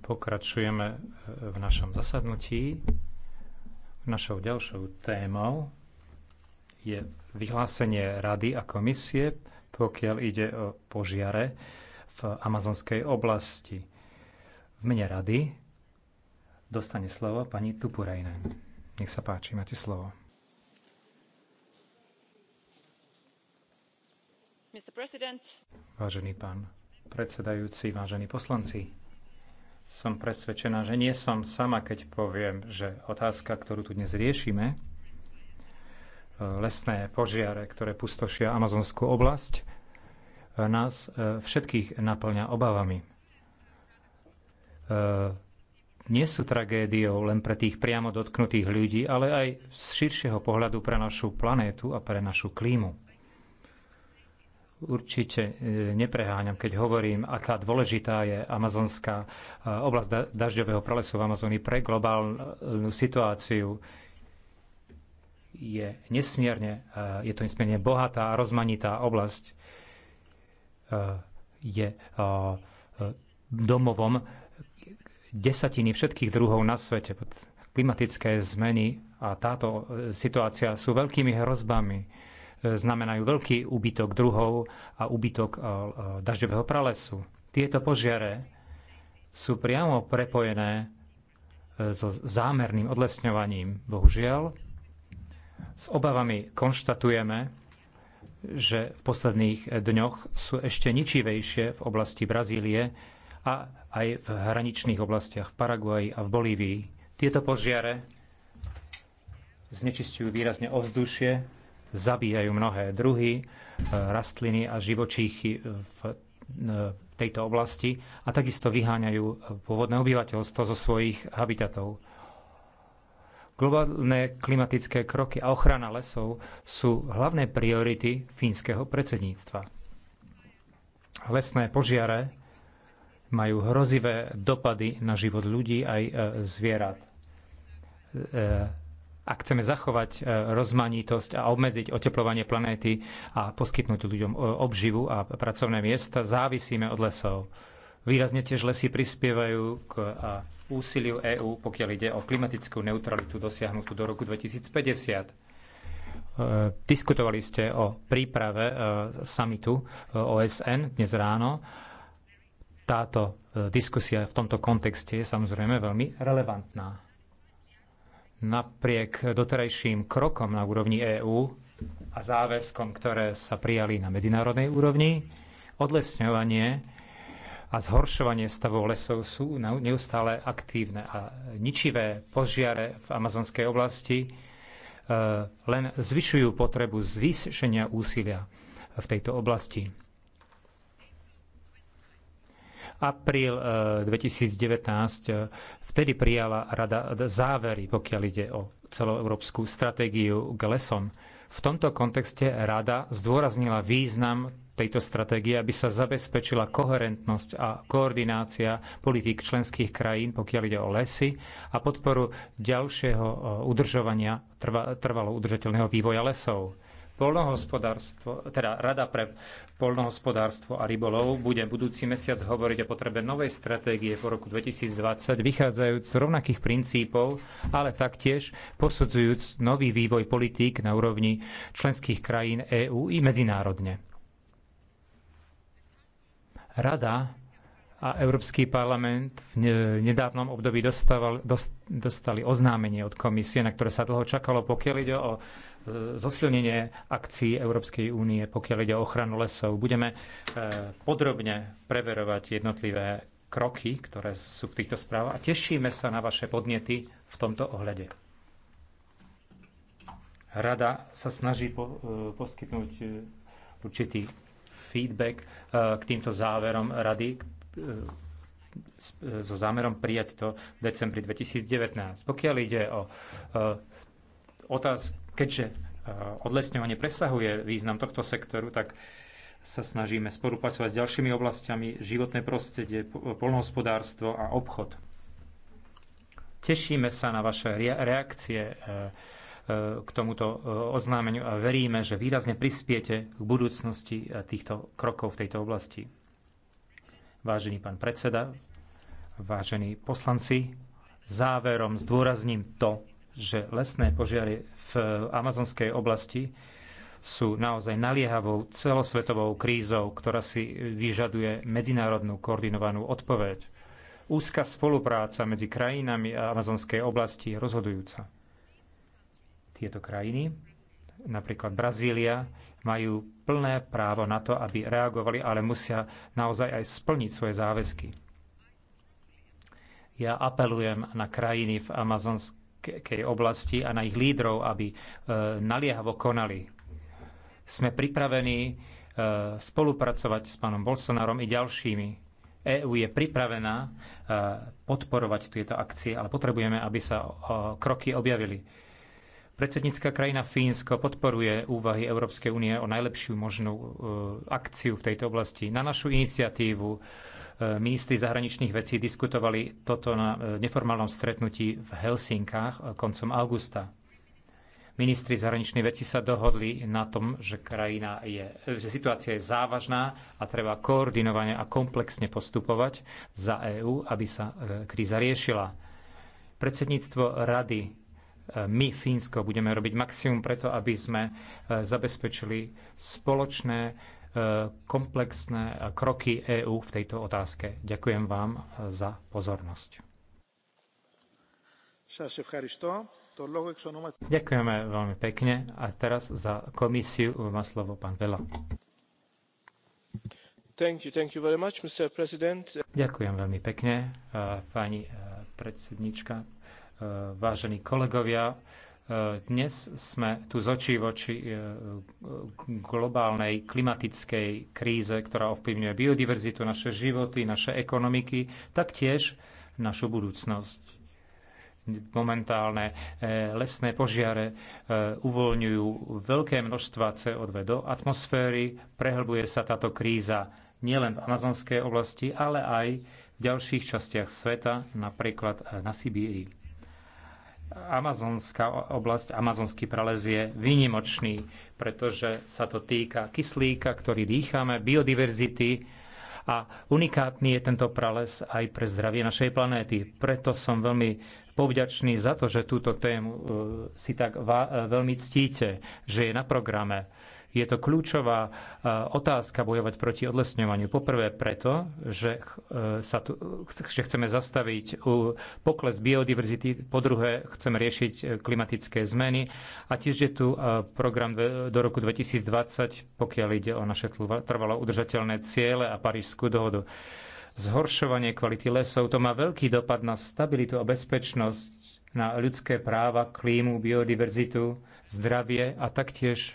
Pokračujeme v našom zasadnutí. Našou ďalšou témou je vyhlásenie Rady a komisie, pokiaľ ide o požiare v amazonskej oblasti. V mene Rady dostane slovo pani Tupurajne. Nech sa páči, máte slovo. Vážený pán predsedajúci, vážení poslanci, som presvedčená, že nie som sama, keď poviem, že otázka, ktorú tu dnes riešime, e, lesné požiare, ktoré pustošia amazonskú oblasť, e, nás e, všetkých naplňa obavami. Nie sú tragédiou len pre tých priamo dotknutých ľudí, ale aj z širšieho pohľadu pre našu planétu a pre našu klímu. Určite e, nepreháňam, keď hovorím, aká dôležitá je amazonská e, oblasť dažďového pralesu v Amazónii pre globálnu situáciu. Je, nesmierne, e, je to nesmierne bohatá a rozmanitá oblasť. Je domovom desatiny všetkých druhov na svete. Klimatické zmeny a táto situácia sú veľkými hrozbami znamenajú veľký úbytok druhov a úbytok eh, eh, dažďového pralesu. Tieto požiare sú priamo prepojené eh, so zámerným odlesňovaním. Bohužiaľ, s obavami konštatujeme, že v posledných dňoch sú ešte ničivejšie v oblasti Brazílie a aj v hraničných oblastiach v Paraguaji a v Bolívii. Tieto požiare znečistujú výrazne ovzdušie, zabíjajú mnohé druhy, e, rastliny a živočíchy v e, tejto oblasti a takisto vyháňajú pôvodné obyvateľstvo zo svojich habitatov. Globálne klimatické kroky a ochrana lesov sú hlavné priority fínskeho predsedníctva. Lesné požiare majú hrozivé dopady na život ľudí aj e, zvierat ak chceme zachovať e, rozmanitosť a obmedziť oteplovanie planéty a poskytnúť ľuďom e, obživu a pracovné miesta, závisíme od lesov. Výrazne tiež lesy prispievajú k e, úsiliu EÚ, pokiaľ ide o klimatickú neutralitu dosiahnutú do roku 2050 diskutovali ste o príprave samitu OSN dnes ráno. Táto diskusia v tomto kontexte je samozrejme veľmi relevantná napriek doterajším krokom na úrovni EÚ a záväzkom, ktoré sa prijali na medzinárodnej úrovni, odlesňovanie a zhoršovanie stavov lesov sú neustále aktívne a ničivé požiare v amazonskej oblasti e, len zvyšujú potrebu zvýšenia úsilia v tejto oblasti apríl 2019 eh, eh, vtedy prijala rada závery, pokiaľ ide o celoeurópsku stratégiu k lesom. V tomto kontexte rada zdôraznila význam tejto stratégie, aby sa zabezpečila koherentnosť a koordinácia politík členských krajín, pokiaľ ide o lesy a podporu ďalšieho eh, udržovania trvalo udržateľného vývoja lesov. Polnohospodárstvo, teda Rada pre polnohospodárstvo a rybolov bude budúci mesiac hovoriť o potrebe novej stratégie po roku 2020, vychádzajúc z rovnakých princípov, ale taktiež posudzujúc nový vývoj politík na úrovni členských krajín EÚ i medzinárodne. Rada a Európsky parlament v nedávnom období dostával, dostali oznámenie od komisie, na ktoré sa dlho čakalo, pokiaľ ide o zosilnenie akcií Európskej únie, pokiaľ ide o ochranu lesov. Budeme e, podrobne preverovať jednotlivé kroky, ktoré sú v týchto správach a tešíme sa na vaše podnety v tomto ohľade. Rada sa snaží po, e, poskytnúť e, určitý feedback k týmto záverom rady so zámerom prijať to v decembri 2019. Pokiaľ ide o otázku, Keďže e, odlesňovanie presahuje význam tohto sektoru, tak sa snažíme spolupracovať s ďalšími oblastiami, životné prostredie, polnohospodárstvo a obchod. Tešíme sa na vaše reakcie e, e, k tomuto oznámeniu a veríme, že výrazne prispiete k budúcnosti týchto krokov v tejto oblasti. Vážený pán predseda, vážení poslanci, záverom zdôrazním to, že lesné požiary v amazonskej oblasti sú naozaj naliehavou celosvetovou krízou, ktorá si vyžaduje medzinárodnú koordinovanú odpoveď. Úzka spolupráca medzi krajinami a amazonskej oblasti je rozhodujúca. Tieto krajiny, napríklad Brazília, majú plné právo na to, aby reagovali, ale musia naozaj aj splniť svoje záväzky. Ja apelujem na krajiny v amazonskej kej oblasti a na ich lídrov, aby e, naliehavo konali. Sme pripravení e, spolupracovať s pánom Bolsonarom i ďalšími. EÚ je pripravená e, podporovať tieto akcie, ale potrebujeme, aby sa kroky objavili. Predsednícka krajina Fínsko podporuje úvahy Európskej únie o najlepšiu možnú akciu v tejto oblasti. Na našu iniciatívu Ministri zahraničných vecí diskutovali toto na eh, neformálnom stretnutí v Helsinkách eh, koncom augusta. Ministri zahraničných vecí sa dohodli na tom, že, krajina je, eh, že situácia je závažná a treba koordinovane a komplexne postupovať za EÚ, aby sa kríza riešila. Predsedníctvo Rady my, Fínsko, budeme robiť maximum preto, aby sme zabezpečili spoločné komplexné kroky EÚ v tejto otázke. Ďakujem vám za pozornosť. Ďakujeme veľmi pekne a teraz za komisiu má slovo pán Vela. Thank you, thank you very much, Mr. President. Ďakujem veľmi pekne, eh, pani eh, predsednička, eh, vážení kolegovia. Dnes sme tu z očí voči e, globálnej klimatickej kríze, ktorá ovplyvňuje biodiverzitu, naše životy, naše ekonomiky, taktiež našu budúcnosť. Momentálne e, lesné požiare e, uvoľňujú veľké množstva CO2 do atmosféry, prehlbuje sa táto kríza nielen v amazonskej oblasti, ale aj v ďalších častiach sveta, napríklad na Sibírii. Amazonská oblasť, amazonský prales je výnimočný, pretože sa to týka kyslíka, ktorý dýchame, biodiverzity a unikátny je tento prales aj pre zdravie našej planéty. Preto som veľmi povďačný za to, že túto tému e, si tak e, veľmi ctíte, že je na programe je to kľúčová e, otázka bojovať proti odlesňovaniu. Poprvé preto, že, e, sa tu, že chceme zastaviť pokles biodiverzity, po druhé chceme riešiť e, klimatické zmeny a tiež je tu program do roku 2020, pokiaľ ide o naše trvalo udržateľné ciele a Parížskú dohodu zhoršovanie kvality lesov. To má veľký dopad na stabilitu a bezpečnosť, na ľudské práva, klímu, biodiverzitu zdravie a taktiež e, e,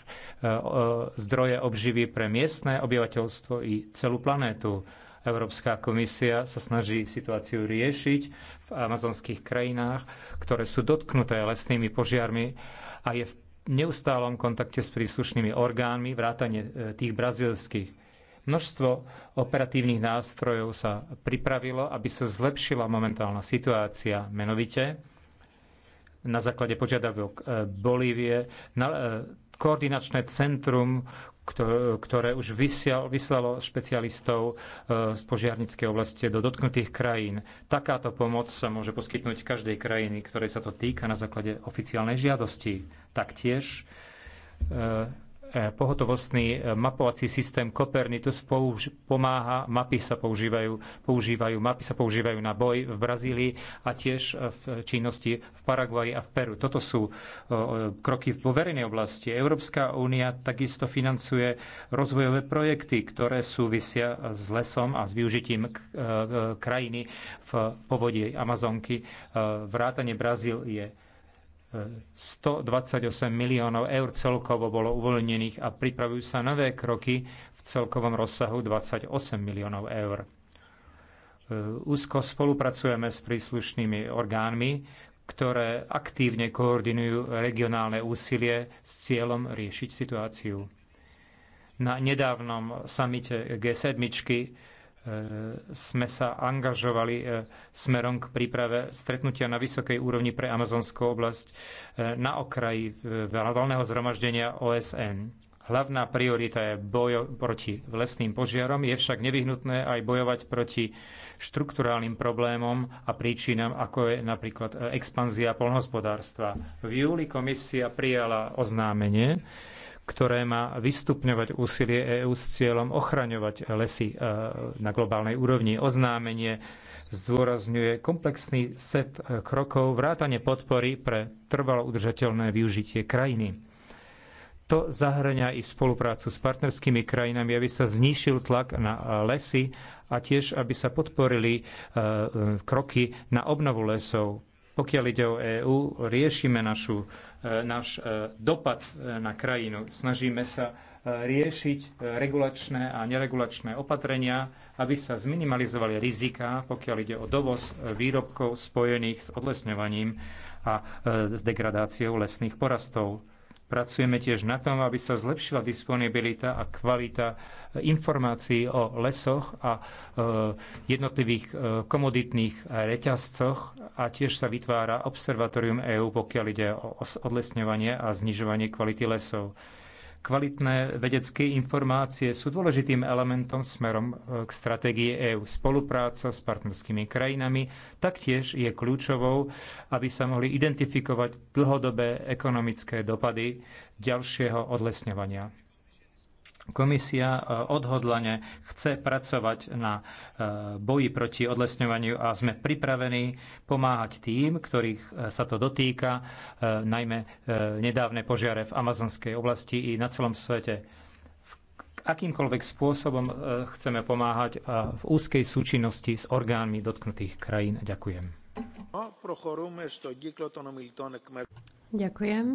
zdroje obživy pre miestne obyvateľstvo i celú planétu. Európska komisia sa snaží situáciu riešiť v amazonských krajinách, ktoré sú dotknuté lesnými požiarmi a je v neustálom kontakte s príslušnými orgánmi, vrátane e, tých brazilských. Množstvo operatívnych nástrojov sa pripravilo, aby sa zlepšila momentálna situácia. Menovite na základe požiadavok e, Bolívie, na, e, koordinačné centrum, ktoré už vysial, vyslalo špecialistov e, z požiarnickej oblasti do dotknutých krajín. Takáto pomoc sa môže poskytnúť každej krajiny, ktorej sa to týka na základe oficiálnej žiadosti. Taktiež E, pohotovostný e, mapovací systém Copernicus pomáha, mapy sa používajú, používajú, mapy sa používajú na boj v Brazílii a tiež e, v činnosti v Paraguaji a v Peru. Toto sú kroky vo verejnej oblasti. Európska únia takisto financuje rozvojové projekty, ktoré súvisia s lesom a s využitím krajiny v povodí Amazonky. Vrátanie Brazílie 128 miliónov eur celkovo bolo uvoľnených a pripravujú sa nové kroky v celkovom rozsahu 28 miliónov eur. E, úzko spolupracujeme s príslušnými orgánmi, ktoré aktívne koordinujú regionálne úsilie s cieľom riešiť situáciu. Na nedávnom samite G7 E, sme sa angažovali e, smerom k príprave stretnutia na vysokej úrovni pre amazonskú oblasť e, na okraji valného zhromaždenia OSN. Hlavná priorita je boj proti lesným požiarom, je však nevyhnutné aj bojovať proti štrukturálnym problémom a príčinám, ako je napríklad expanzia polnohospodárstva. V júli komisia prijala oznámenie, ktoré má vystupňovať úsilie EÚ s cieľom ochraňovať lesy e, na globálnej úrovni. Oznámenie zdôrazňuje komplexný set e, krokov vrátane podpory pre trvalo udržateľné využitie krajiny. To zahrania i spoluprácu s partnerskými krajinami, aby sa zníšil tlak na e, lesy a tiež, aby sa podporili kroky na obnovu lesov. Pokiaľ ide o EÚ, riešime našu E, náš e, dopad e, na krajinu. Snažíme sa riešiť regulačné a neregulačné opatrenia, aby sa zminimalizovali riziká, pokiaľ ide o dovoz výrobkov spojených s odlesňovaním a s degradáciou lesných porastov. Pracujeme tiež na tom, aby sa zlepšila disponibilita a kvalita eh, informácií o lesoch a eh, jednotlivých eh, komoditných reťazcoch a tiež sa vytvára Observatórium EÚ, pokiaľ ide o odlesňovanie a znižovanie kvality lesov. Kvalitné vedecké informácie sú dôležitým elementom smerom e, k stratégii EÚ. Spolupráca s partnerskými krajinami taktiež je kľúčovou, aby sa mohli identifikovať dlhodobé ekonomické dopady ďalšieho odlesňovania. Komisia e, odhodlane chce pracovať na e, boji proti odlesňovaniu a sme pripravení pomáhať tým, ktorých e, sa to dotýka, najmä nedávne požiare v amazonskej oblasti i na celom svete. Akýmkoľvek spôsobom chceme pomáhať v úzkej súčinnosti s orgánmi dotknutých krajín. Ďakujem. Ďakujem.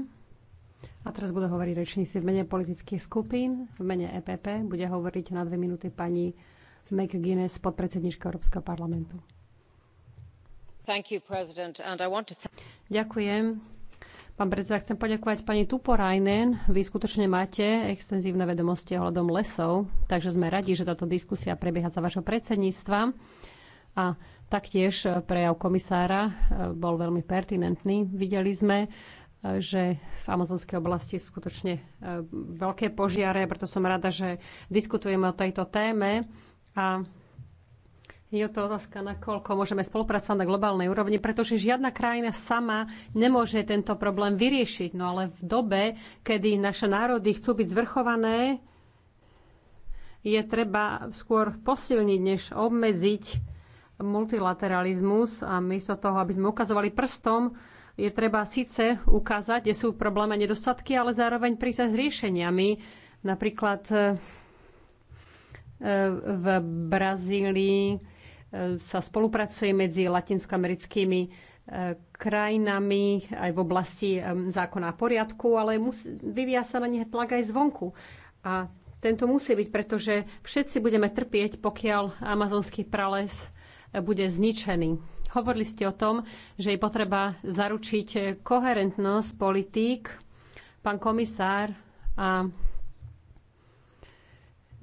A teraz budú hovoriť rečníci v mene politických skupín. V mene EPP bude hovoriť na dve minúty pani McGuinness, podpredsednička Európskeho parlamentu. You, to... Ďakujem. Pán predseda, chcem poďakovať pani Tuporajnen. Vy skutočne máte extenzívne vedomosti ohľadom lesov, takže sme radi, že táto diskusia prebieha za vašho predsedníctva. A taktiež prejav komisára e, bol veľmi pertinentný. Videli sme, že v amazonskej oblasti sú skutočne e, veľké požiare, preto som rada, že diskutujeme o tejto téme a je to otázka, nakoľko môžeme spolupracovať na globálnej úrovni, pretože žiadna krajina sama nemôže tento problém vyriešiť. No ale v dobe, kedy naše národy chcú byť zvrchované, je treba skôr posilniť, než obmedziť multilateralizmus a miesto toho, aby sme ukazovali prstom je treba síce ukázať, kde sú problémy a nedostatky, ale zároveň prísť s riešeniami. Napríklad e, e, v Brazílii e, sa spolupracuje medzi latinskoamerickými krajinami aj v oblasti zákona a poriadku, ale vyvíja sa na nich tlak aj zvonku. A tento musí byť, pretože všetci budeme trpieť, pokiaľ amazonský prales bude zničený. Hovorili ste o tom, že je potreba zaručiť koherentnosť politík, pán komisár, a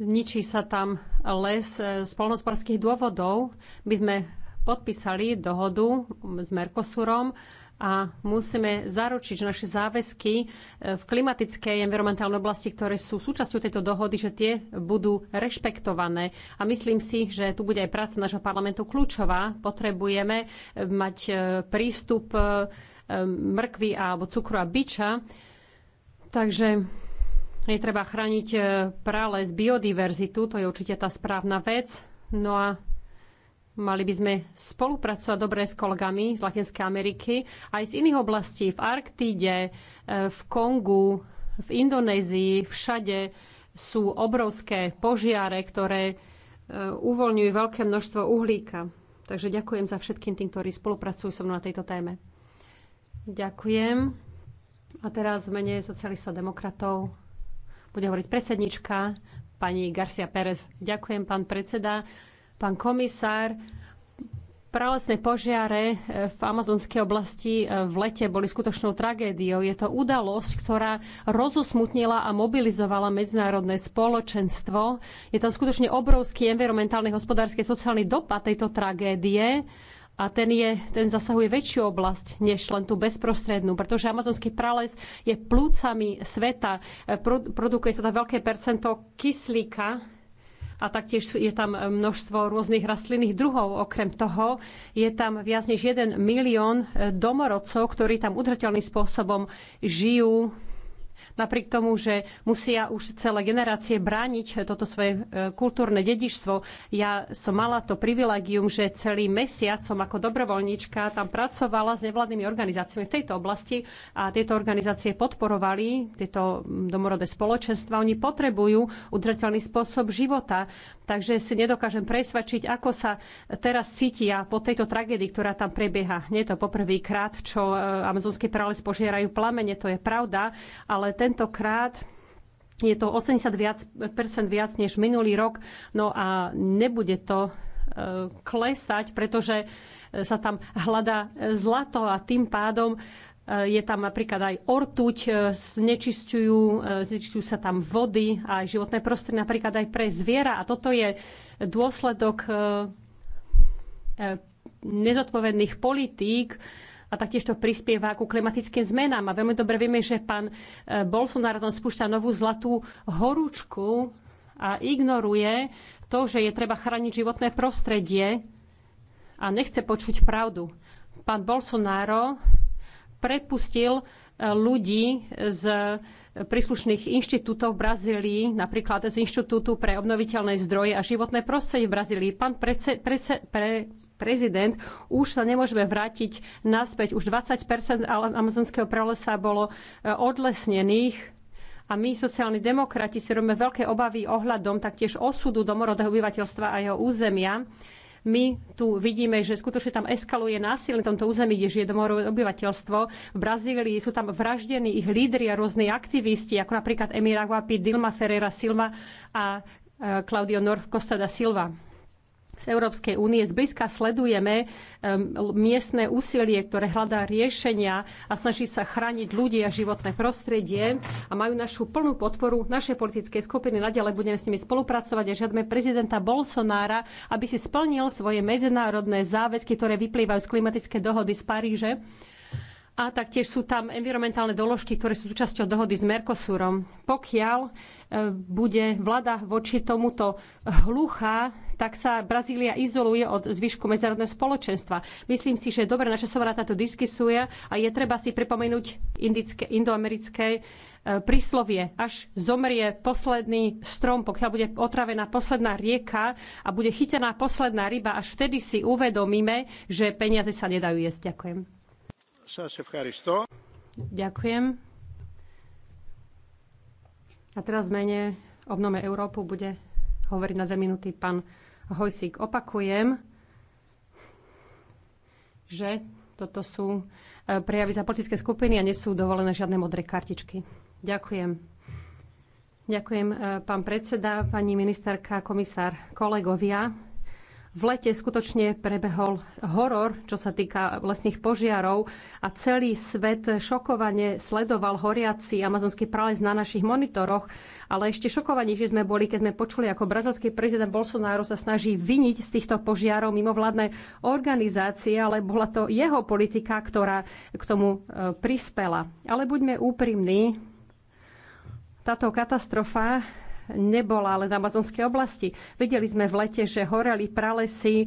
ničí sa tam les z polnospodárských dôvodov. My sme podpísali dohodu s Mercosurom a musíme zaručiť, že naše záväzky e, v klimatickej a environmentálnej oblasti, ktoré sú súčasťou tejto dohody, že tie budú rešpektované. A myslím si, že tu bude aj práca nášho parlamentu kľúčová. Potrebujeme e, mať e, prístup mrkvy alebo cukru a biča. Takže je treba chrániť prales biodiverzitu, to je určite tá správna vec. No a Mali by sme spolupracovať dobre s kolegami z Latinskej Ameriky, aj z iných oblastí, v Arktíde, e, v Kongu, v Indonézii, všade sú obrovské požiare, ktoré e, uvoľňujú veľké množstvo uhlíka. Takže ďakujem za všetkým tým, ktorí spolupracujú so mnou na tejto téme. Ďakujem. A teraz v mene socialistov demokratov bude hovoriť predsednička pani Garcia Pérez. Ďakujem, pán predseda. Pán komisár, pralesné požiare eh, v amazonskej oblasti eh, v lete boli skutočnou tragédiou. Je to udalosť, ktorá rozosmutnila a mobilizovala medzinárodné spoločenstvo. Je tam skutočne obrovský environmentálny, hospodársky, sociálny dopad tejto tragédie a ten, je, ten zasahuje väčšiu oblasť než len tú bezprostrednú, pretože amazonský prales je plúcami sveta, eh, produkuje sa tam veľké percento kyslíka, a taktiež je tam eh, množstvo rôznych rastlinných druhov. Okrem toho je tam viac než 1 milión eh, domorodcov, ktorí tam udržateľným spôsobom žijú napriek tomu, že musia už celé generácie brániť toto svoje e, kultúrne dedičstvo. Ja som mala to privilegium, že celý mesiac som ako dobrovoľníčka tam pracovala s nevládnymi organizáciami v tejto oblasti a tieto organizácie podporovali tieto domorodé spoločenstva. Oni potrebujú udržateľný spôsob života, takže si nedokážem presvedčiť, ako sa teraz cítia po tejto tragédii, ktorá tam prebieha. Nie je to poprvýkrát, čo e, amazonské prales požierajú plamene, to je pravda, ale ten tentokrát je to 80 viac, percent viac než minulý rok, no a nebude to e, klesať, pretože e, sa tam hľadá zlato a tým pádom e, je tam napríklad aj ortuť, znečisťujú, znečisťujú sa tam vody a aj životné prostredie, napríklad aj pre zviera. A toto je dôsledok nezodpovedných politík, a taktiež to prispieva ku klimatickým zmenám. A veľmi dobre vieme, že pán e, Bolsonaro tam spúšťa novú zlatú horúčku a ignoruje to, že je treba chrániť životné prostredie a nechce počuť pravdu. Pán Bolsonaro prepustil e, ľudí z príslušných inštitútov v Brazílii, napríklad z Inštitútu pre obnoviteľné zdroje a životné prostredie v Brazílii. Pán prece, prece, pre, prezident, už sa nemôžeme vrátiť naspäť. Už 20 amazonského pralesa bolo e, odlesnených a my, sociálni demokrati, si robíme veľké obavy ohľadom taktiež osudu domorodého obyvateľstva a jeho územia. My tu vidíme, že skutočne tam eskaluje násilie na tomto území, kde žije domorové obyvateľstvo. V Brazílii sú tam vraždení ich lídri a rôzni aktivisti, ako napríklad Emir Aguapi, Dilma Ferreira Silva a e, Claudio Norf Costa da Silva z Európskej únie. Zblízka sledujeme miestne úsilie, ktoré hľadá riešenia a snaží sa chrániť ľudí a životné prostredie a majú našu plnú podporu našej politickej skupiny. Naďalej budeme s nimi spolupracovať a žiadme prezidenta Bolsonára, aby si splnil svoje medzinárodné záväzky, ktoré vyplývajú z klimatické dohody z Paríže a taktiež sú tam environmentálne doložky, ktoré sú súčasťou dohody s Mercosurom. Pokiaľ e, bude vláda voči tomuto hluchá, tak sa Brazília izoluje od zvyšku medzinárodného spoločenstva. Myslím si, že je dobre načasovaná táto diskusia a je treba si pripomenúť indické, indoamerické e, príslovie. Až zomrie posledný strom, pokiaľ bude otravená posledná rieka a bude chytená posledná ryba, až vtedy si uvedomíme, že peniaze sa nedajú jesť. Ďakujem. Ďakujem. A teraz v mene Obnome Európu bude hovoriť na dve minúty pán Hojsík. Opakujem, že toto sú e, prejavy za politické skupiny a nie sú dovolené žiadne modré kartičky. Ďakujem. Ďakujem, e, pán predseda, pani ministerka, komisár, kolegovia v lete skutočne prebehol horor, čo sa týka lesných požiarov a celý svet šokovane sledoval horiaci amazonský prales na našich monitoroch, ale ešte šokovanejšie sme boli, keď sme počuli, ako brazilský prezident Bolsonaro sa snaží vyniť z týchto požiarov mimovládne organizácie, ale bola to jeho politika, ktorá k tomu e, prispela. Ale buďme úprimní, táto katastrofa nebola, ale v amazonskej oblasti. Vedeli sme v lete, že horeli pralesy e,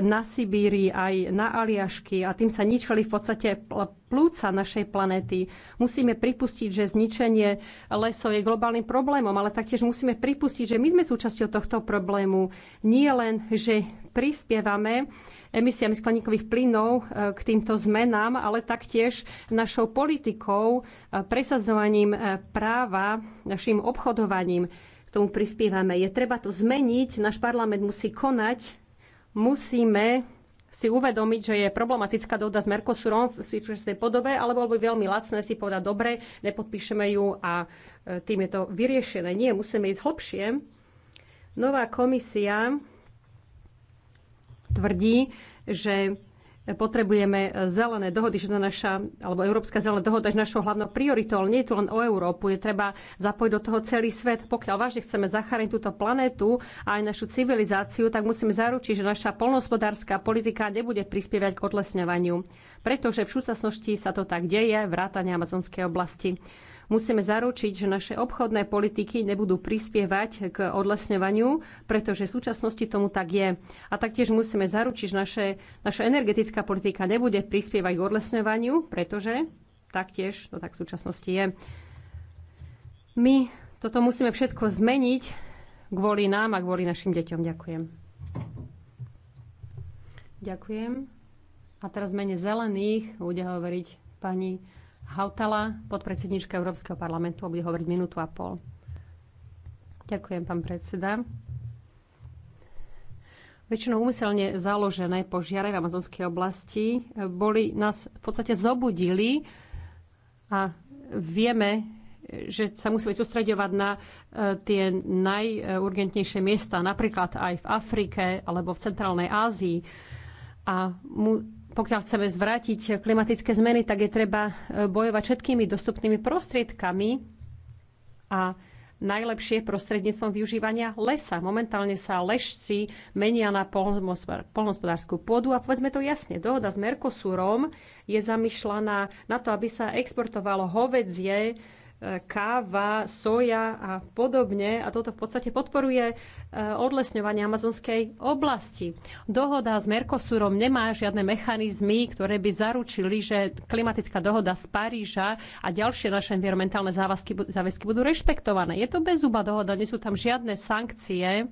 na Sibíri aj na Aliašky a tým sa ničili v podstate plúca našej planéty. Musíme pripustiť, že zničenie lesov je globálnym problémom, ale taktiež musíme pripustiť, že my sme súčasťou tohto problému. Nie len, že prispievame emisiami skleníkových plynov e, k týmto zmenám, ale taktiež našou politikou, e, presadzovaním práva, našim obchodovaním tomu prispievame. Je treba to zmeniť, náš parlament musí konať, musíme si uvedomiť, že je problematická dohoda s Mercosurom v súčasnej podobe, alebo by veľmi lacné si povedať, dobre, nepodpíšeme ju a e, tým je to vyriešené. Nie, musíme ísť hlbšie. Nová komisia tvrdí, že potrebujeme zelené dohody, že to naša, alebo Európska zelená dohoda je našou hlavnou prioritou, ale nie je to len o Európu, je treba zapojiť do toho celý svet. Pokiaľ vážne chceme zachrániť túto planetu a aj našu civilizáciu, tak musíme zaručiť, že naša polnospodárska politika nebude prispievať k odlesňovaniu, pretože v súčasnosti sa to tak deje, vrátane amazonskej oblasti. Musíme zaručiť, že naše obchodné politiky nebudú prispievať k odlesňovaniu, pretože v súčasnosti tomu tak je. A taktiež musíme zaručiť, že naše, naša energetická politika nebude prispievať k odlesňovaniu, pretože taktiež to tak v súčasnosti je. My toto musíme všetko zmeniť kvôli nám a kvôli našim deťom. Ďakujem. Ďakujem. A teraz mene zelených bude hovoriť pani Hautala, podpredsednička Európskeho parlamentu, bude hovoriť minútu a pol. Ďakujem, pán predseda. Väčšinou úmyselne založené požiare v amazonskej oblasti eh, boli, nás v podstate zobudili a vieme, eh, že sa musíme sústredovať na eh, tie najurgentnejšie miesta, napríklad aj v Afrike alebo v Centrálnej Ázii. A pokiaľ chceme zvrátiť klimatické zmeny, tak je treba e, bojovať všetkými dostupnými prostriedkami a najlepšie prostredníctvom využívania lesa. Momentálne sa lešci menia na polnospodárskú pôdu a povedzme to jasne, dohoda s Mercosurom je zamýšľaná na to, aby sa exportovalo hovedzie, káva, soja a podobne. A toto v podstate podporuje e, odlesňovanie amazonskej oblasti. Dohoda s Mercosurom nemá žiadne mechanizmy, ktoré by zaručili, že klimatická dohoda z Paríža a ďalšie naše environmentálne záväzky, záväzky budú rešpektované. Je to bezúba dohoda, nie sú tam žiadne sankcie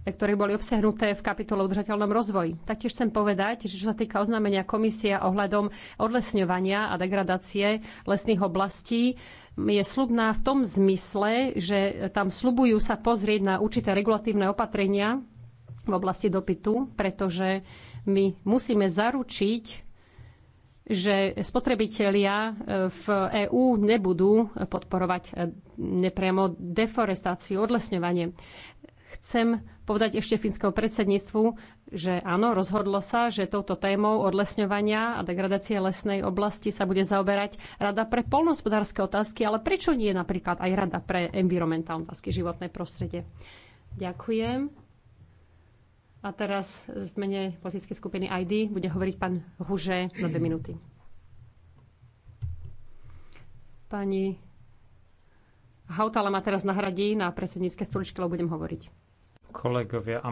ktoré boli obsahnuté v kapitole o udržateľnom rozvoji. Taktiež chcem povedať, že čo sa týka oznámenia komisia ohľadom odlesňovania a degradácie lesných oblastí, je slubná v tom zmysle, že tam slubujú sa pozrieť na určité regulatívne opatrenia v oblasti dopytu, pretože my musíme zaručiť, že spotrebitelia e, v EÚ nebudú podporovať e, nepriamo deforestáciu, odlesňovanie. Chcem povedať ešte fínskeho predsedníctvu, že áno, rozhodlo sa, že touto témou odlesňovania a degradácie lesnej oblasti sa bude zaoberať Rada pre polnohospodárske otázky, ale prečo nie napríklad aj Rada pre environmentálne otázky, životné prostredie? Ďakujem. A teraz z mene politickej skupiny ID bude hovoriť pán Huže na dve minúty. Pani Hautala ma teraz nahradí na predsednícke stoličky, lebo budem hovoriť. Kolegovia,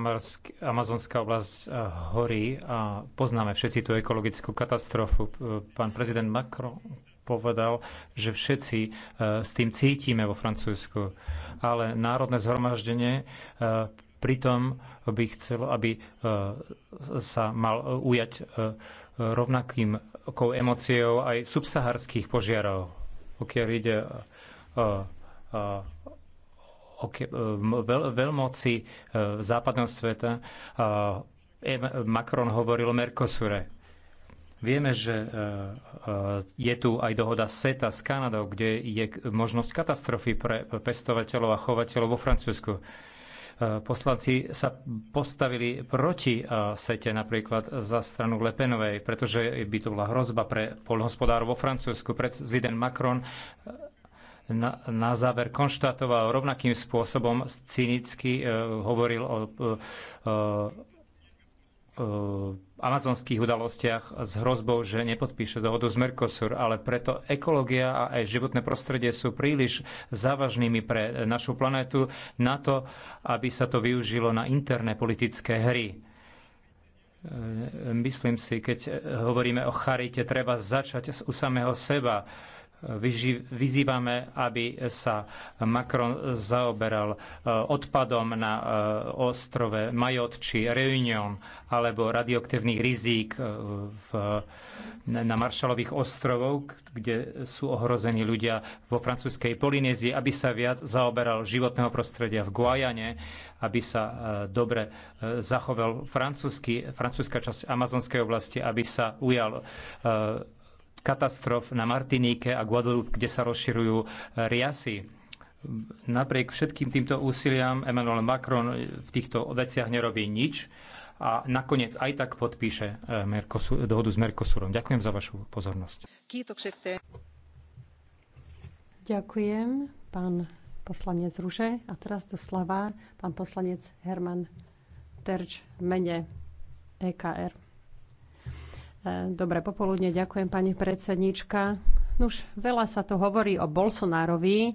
amazonská oblasť eh, horí a poznáme všetci tú ekologickú katastrofu. Pán prezident Macron povedal, že všetci eh, s tým cítime vo Francúzsku. Ale národné zhromaždenie eh, pritom by chcelo, aby sa mal ujať rovnakým emóciou aj subsaharských požiarov, pokiaľ ide o, E, veľmoci e, západného sveta. E, Macron hovoril o Mercosure. Vieme, že je tu aj dohoda SETA s Kanadou, kde je možnosť katastrofy pre pestovateľov a chovateľov vo Francúzsku. Poslanci sa postavili proti SETE napríklad za stranu Lepenovej, pretože by to bola hrozba pre polnohospodárov vo Francúzsku. Prezident Macron na, na záver konštatoval rovnakým spôsobom cynicky e, hovoril o e, e, e amazonských udalostiach s hrozbou, že nepodpíše dohodu z Mercosur, ale preto ekológia a aj životné prostredie sú príliš závažnými pre našu planétu na to, aby sa to využilo na interné politické hry. E, myslím si, keď hovoríme o charite, treba začať u samého seba vyzývame, aby sa Macron zaoberal e, odpadom na e, ostrove Majot či Reunion alebo radioaktívnych rizík e, v, na Maršalových ostrovov, kde sú ohrození ľudia vo francúzskej Polynézii, aby sa viac zaoberal životného prostredia v Guajane, aby sa dobre zachoval francúzska časť amazonskej oblasti, aby sa ujal katastrof na Martinike a Guadeloupe, kde sa rozširujú e, riasy. Napriek všetkým týmto úsiliam Emmanuel Macron v týchto veciach nerobí nič a nakoniec aj tak podpíše e, Mercosur, dohodu s Mercosurom. Ďakujem za vašu pozornosť. Ďakujem, pán poslanec Ruže. A teraz do slava pán poslanec Herman Terč v mene EKR. Dobre popoludne, ďakujem pani predsednička. Už veľa sa tu hovorí o Bolsonárovi.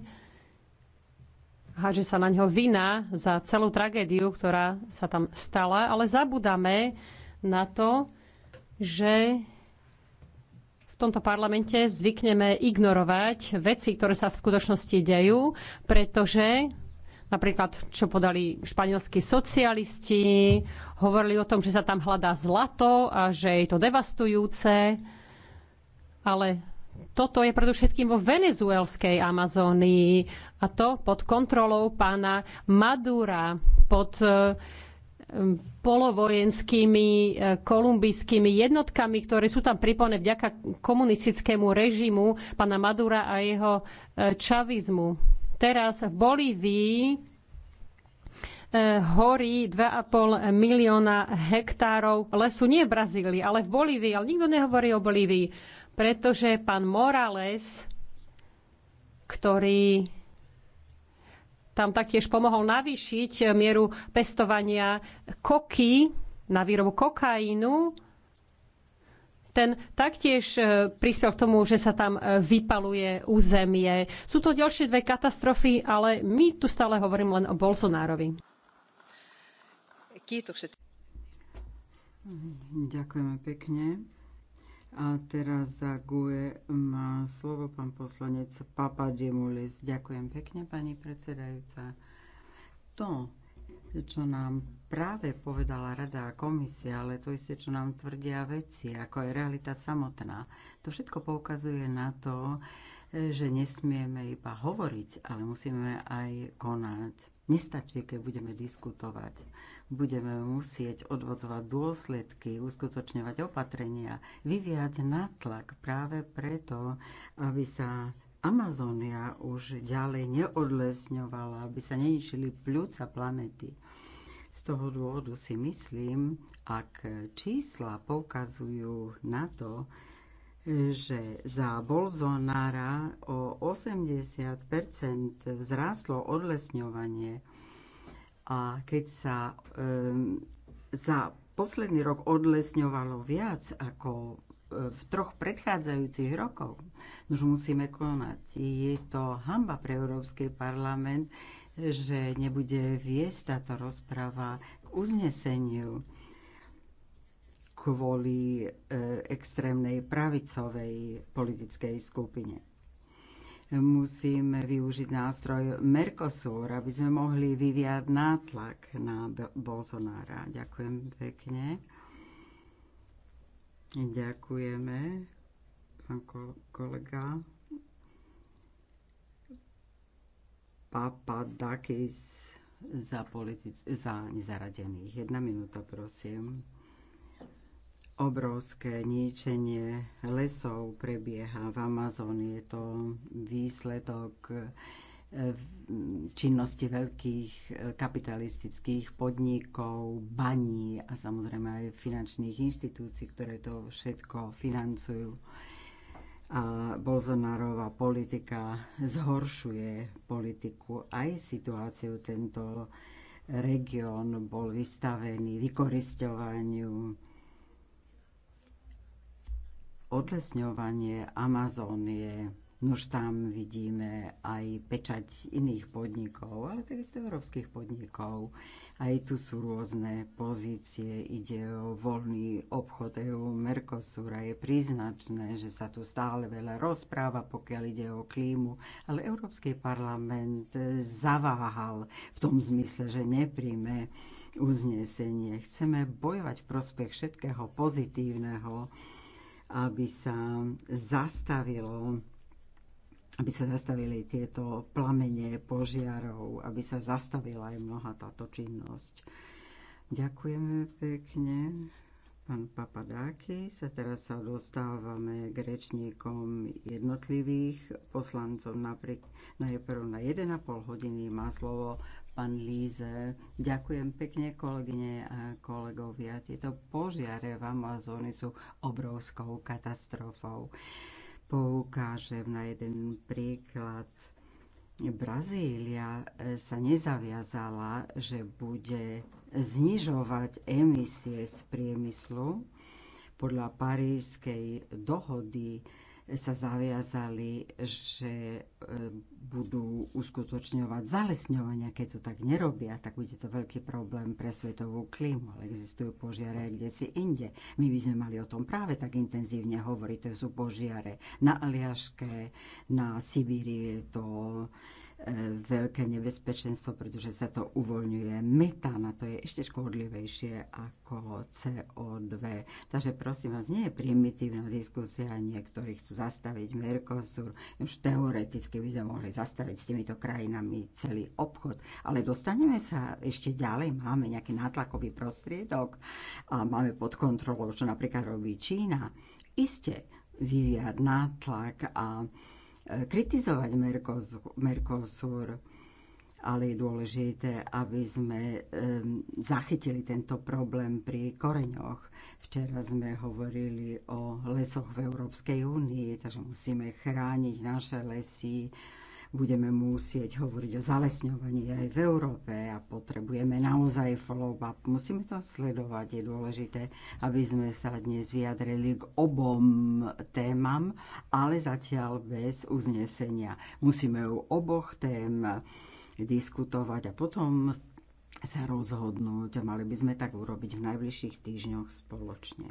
Háže sa na ňo vina za celú tragédiu, ktorá sa tam stala, ale zabudáme na to, že v tomto parlamente zvykneme ignorovať veci, ktoré sa v skutočnosti dejú, pretože napríklad čo podali španielskí socialisti, hovorili o tom, že sa tam hľadá zlato a že je to devastujúce, ale toto je predovšetkým vo venezuelskej Amazónii a to pod kontrolou pána Madura, pod eh, polovojenskými eh, kolumbijskými jednotkami, ktoré sú tam pripojené vďaka komunistickému režimu pána Madura a jeho eh, čavizmu. Teraz v Bolívii eh, horí 2,5 milióna hektárov lesu, nie v Brazílii, ale v Bolívii. Ale nikto nehovorí o Bolívii, pretože pán Morales, ktorý tam taktiež pomohol navýšiť mieru pestovania koky na výrobu kokainu, ten taktiež e, prispel k tomu, že sa tam e, vypaluje územie. Sú to ďalšie dve katastrofy, ale my tu stále hovorím len o Bolsonárovi. Ďakujeme pekne. A teraz za GUE má slovo pán poslanec Papadimulis. Ďakujem pekne, pani predsedajúca. To, čo nám práve povedala Rada a komisia, ale to isté, čo nám tvrdia veci, ako je realita samotná. To všetko poukazuje na to, že nesmieme iba hovoriť, ale musíme aj konať. Nestačí, keď budeme diskutovať. Budeme musieť odvodzovať dôsledky, uskutočňovať opatrenia, vyvíjať nátlak práve preto, aby sa Amazónia už ďalej neodlesňovala, aby sa neničili pľúca planety. Z toho dôvodu si myslím, ak čísla poukazujú na to, že za Bolzonára o 80 vzrástlo odlesňovanie a keď sa um, za posledný rok odlesňovalo viac ako e, v troch predchádzajúcich rokov, no už musíme konať. Je to hamba pre Európsky parlament, že nebude viesť táto rozprava k uzneseniu kvôli e, extrémnej pravicovej politickej skupine. Musíme využiť nástroj Mercosur, aby sme mohli vyviať nátlak na Bolsonára. Ďakujem pekne. Ďakujeme, pán kolega. Papadakis za, politic- za nezaradených. Jedna minúta, prosím. Obrovské ničenie lesov prebieha v Amazónii. Je to výsledok eh, činnosti veľkých eh, kapitalistických podnikov, baní a samozrejme aj finančných inštitúcií, ktoré to všetko financujú a Bolsonárova politika zhoršuje politiku aj situáciu. Tento región bol vystavený vykoristovaniu. Odlesňovanie Amazónie, nož tam vidíme aj pečať iných podnikov, ale takisto európskych podnikov aj tu sú rôzne pozície, ide o voľný obchod EU a Je príznačné, že sa tu stále veľa rozpráva, pokiaľ ide o klímu, ale Európsky parlament zaváhal v tom zmysle, že nepríjme uznesenie. Chceme bojovať v prospech všetkého pozitívneho, aby sa zastavilo aby sa zastavili tieto plamene požiarov, aby sa zastavila aj mnoha táto činnosť. Ďakujeme pekne. Pán Papadáky, sa teraz sa dostávame k rečníkom jednotlivých poslancov. Napriek najprv na 1,5 hodiny má slovo pán Líze. Ďakujem pekne, kolegyne a kolegovia. Tieto požiare v Amazóne sú obrovskou katastrofou poukážem na jeden príklad. Brazília e, sa nezaviazala, že bude znižovať emisie z priemyslu. Podľa parížskej dohody sa zaviazali, že e, budú uskutočňovať zalesňovania. Keď to tak nerobia, tak bude to veľký problém pre svetovú klímu, ale existujú požiare kde si inde. My by sme mali o tom práve tak intenzívne hovoriť. To sú požiare na Aliaške, na Sibírii, je to veľké nebezpečenstvo, pretože sa to uvoľňuje. Metán a to je ešte škodlivejšie ako CO2. Takže prosím vás, nie je primitívna diskusia, niektorí chcú zastaviť Mercosur. Už teoreticky by sme mohli zastaviť s týmito krajinami celý obchod, ale dostaneme sa ešte ďalej, máme nejaký nátlakový prostriedok a máme pod kontrolou, čo napríklad robí Čína. Isté vyvíjať nátlak a kritizovať Mercosur, ale je dôležité, aby sme zachytili tento problém pri koreňoch. Včera sme hovorili o lesoch v Európskej únii, takže musíme chrániť naše lesy, budeme musieť hovoriť o zalesňovaní aj v Európe a potrebujeme naozaj follow-up. Musíme to sledovať. Je dôležité, aby sme sa dnes vyjadrili k obom témam, ale zatiaľ bez uznesenia. Musíme u oboch tém diskutovať a potom sa rozhodnúť. Mali by sme tak urobiť v najbližších týždňoch spoločne.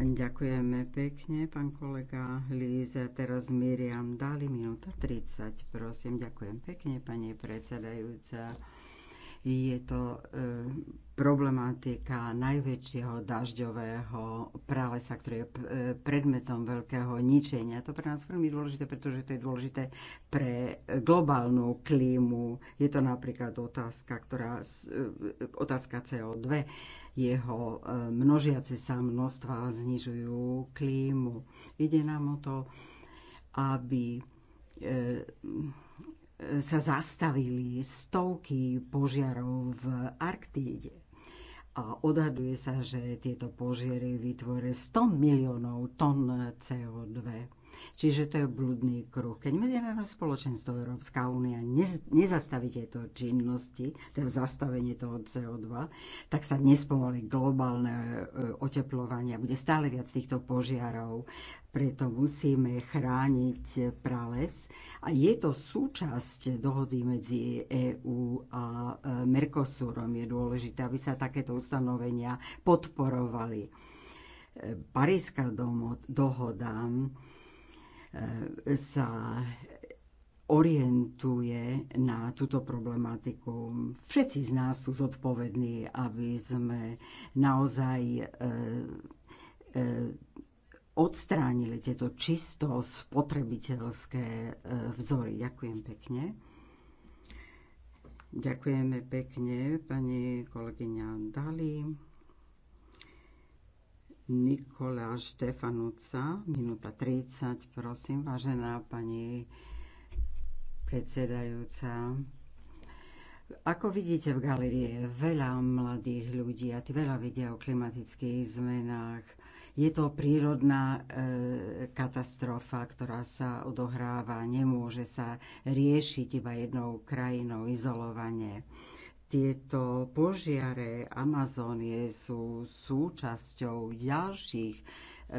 Ďakujeme pekne, pán kolega Líze. Teraz Miriam Dali, minúta 30, prosím. Ďakujem pekne, pani predsedajúca. Je to e, problematika najväčšieho dažďového pralesa, ktorý je e, predmetom veľkého ničenia. To pre nás veľmi dôležité, pretože to je dôležité pre globálnu klímu. Je to napríklad otázka, ktorá, e, otázka CO2. Jeho množiace sa množstva znižujú klímu. Ide nám o to, aby sa zastavili stovky požiarov v Arktíde. A odhaduje sa, že tieto požiary vytvoria 100 miliónov tón CO2. Čiže to je blúdny kruh. Keď medzinárodné spoločenstvo Európska únia nez, nezastaví tieto činnosti, teda zastavenie toho CO2, tak sa nespomalí globálne e, oteplovanie a bude stále viac týchto požiarov preto musíme chrániť prales a je to súčasť dohody medzi EÚ a e, Mercosurom. Je dôležité, aby sa takéto ustanovenia podporovali. Paríska dohoda e, sa orientuje na túto problematiku. Všetci z nás sú zodpovední, aby sme naozaj e, odstránili tieto čisto spotrebiteľské e, vzory. Ďakujem pekne. Ďakujeme pekne pani kolegyňa Dali. Nikola Štefanuca, minúta 30, prosím, vážená pani predsedajúca. Ako vidíte v galerii, veľa mladých ľudí a tí veľa vidia o klimatických zmenách je to prírodná e, katastrofa, ktorá sa odohráva, nemôže sa riešiť iba jednou krajinou izolovanie. Tieto požiare Amazónie sú súčasťou ďalších e,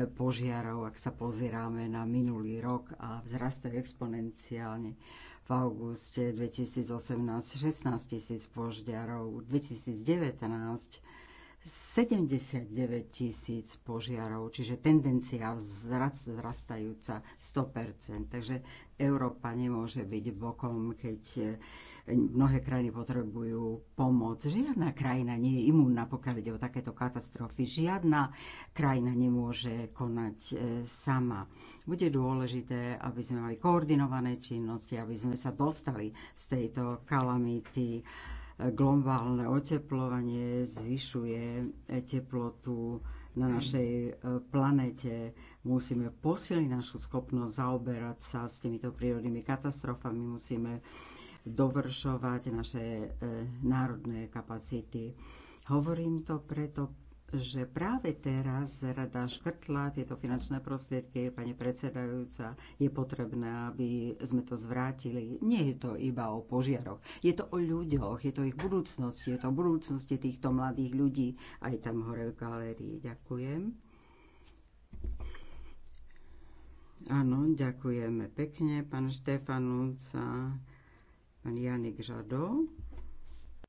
požiarov, ak sa pozeráme na minulý rok a vzrastajú exponenciálne. V auguste 2018 16 tisíc požiarov, 2019 79 tisíc požiarov, čiže tendencia vzrastajúca 100%. Takže Európa nemôže byť bokom, keď e, mnohé krajiny potrebujú pomoc. Žiadna krajina nie je imúnna, pokiaľ ide o takéto katastrofy. Žiadna krajina nemôže konať e, sama. Bude dôležité, aby sme mali koordinované činnosti, aby sme sa dostali z tejto kalamity globálne oteplovanie zvyšuje teplotu na mm. našej e, planete. Musíme posiliť našu schopnosť zaoberať sa s týmito prírodnými katastrofami, musíme dovršovať naše e, národné kapacity. Hovorím to preto, že práve teraz rada škrtla tieto finančné prostriedky, pani predsedajúca, je potrebné, aby sme to zvrátili. Nie je to iba o požiaroch, je to o ľuďoch, je to ich budúcnosti, je to o budúcnosti týchto mladých ľudí. Aj tam hore v galérii. Ďakujem. Áno, ďakujeme pekne, pán Štefanúca, pán Janik Žado.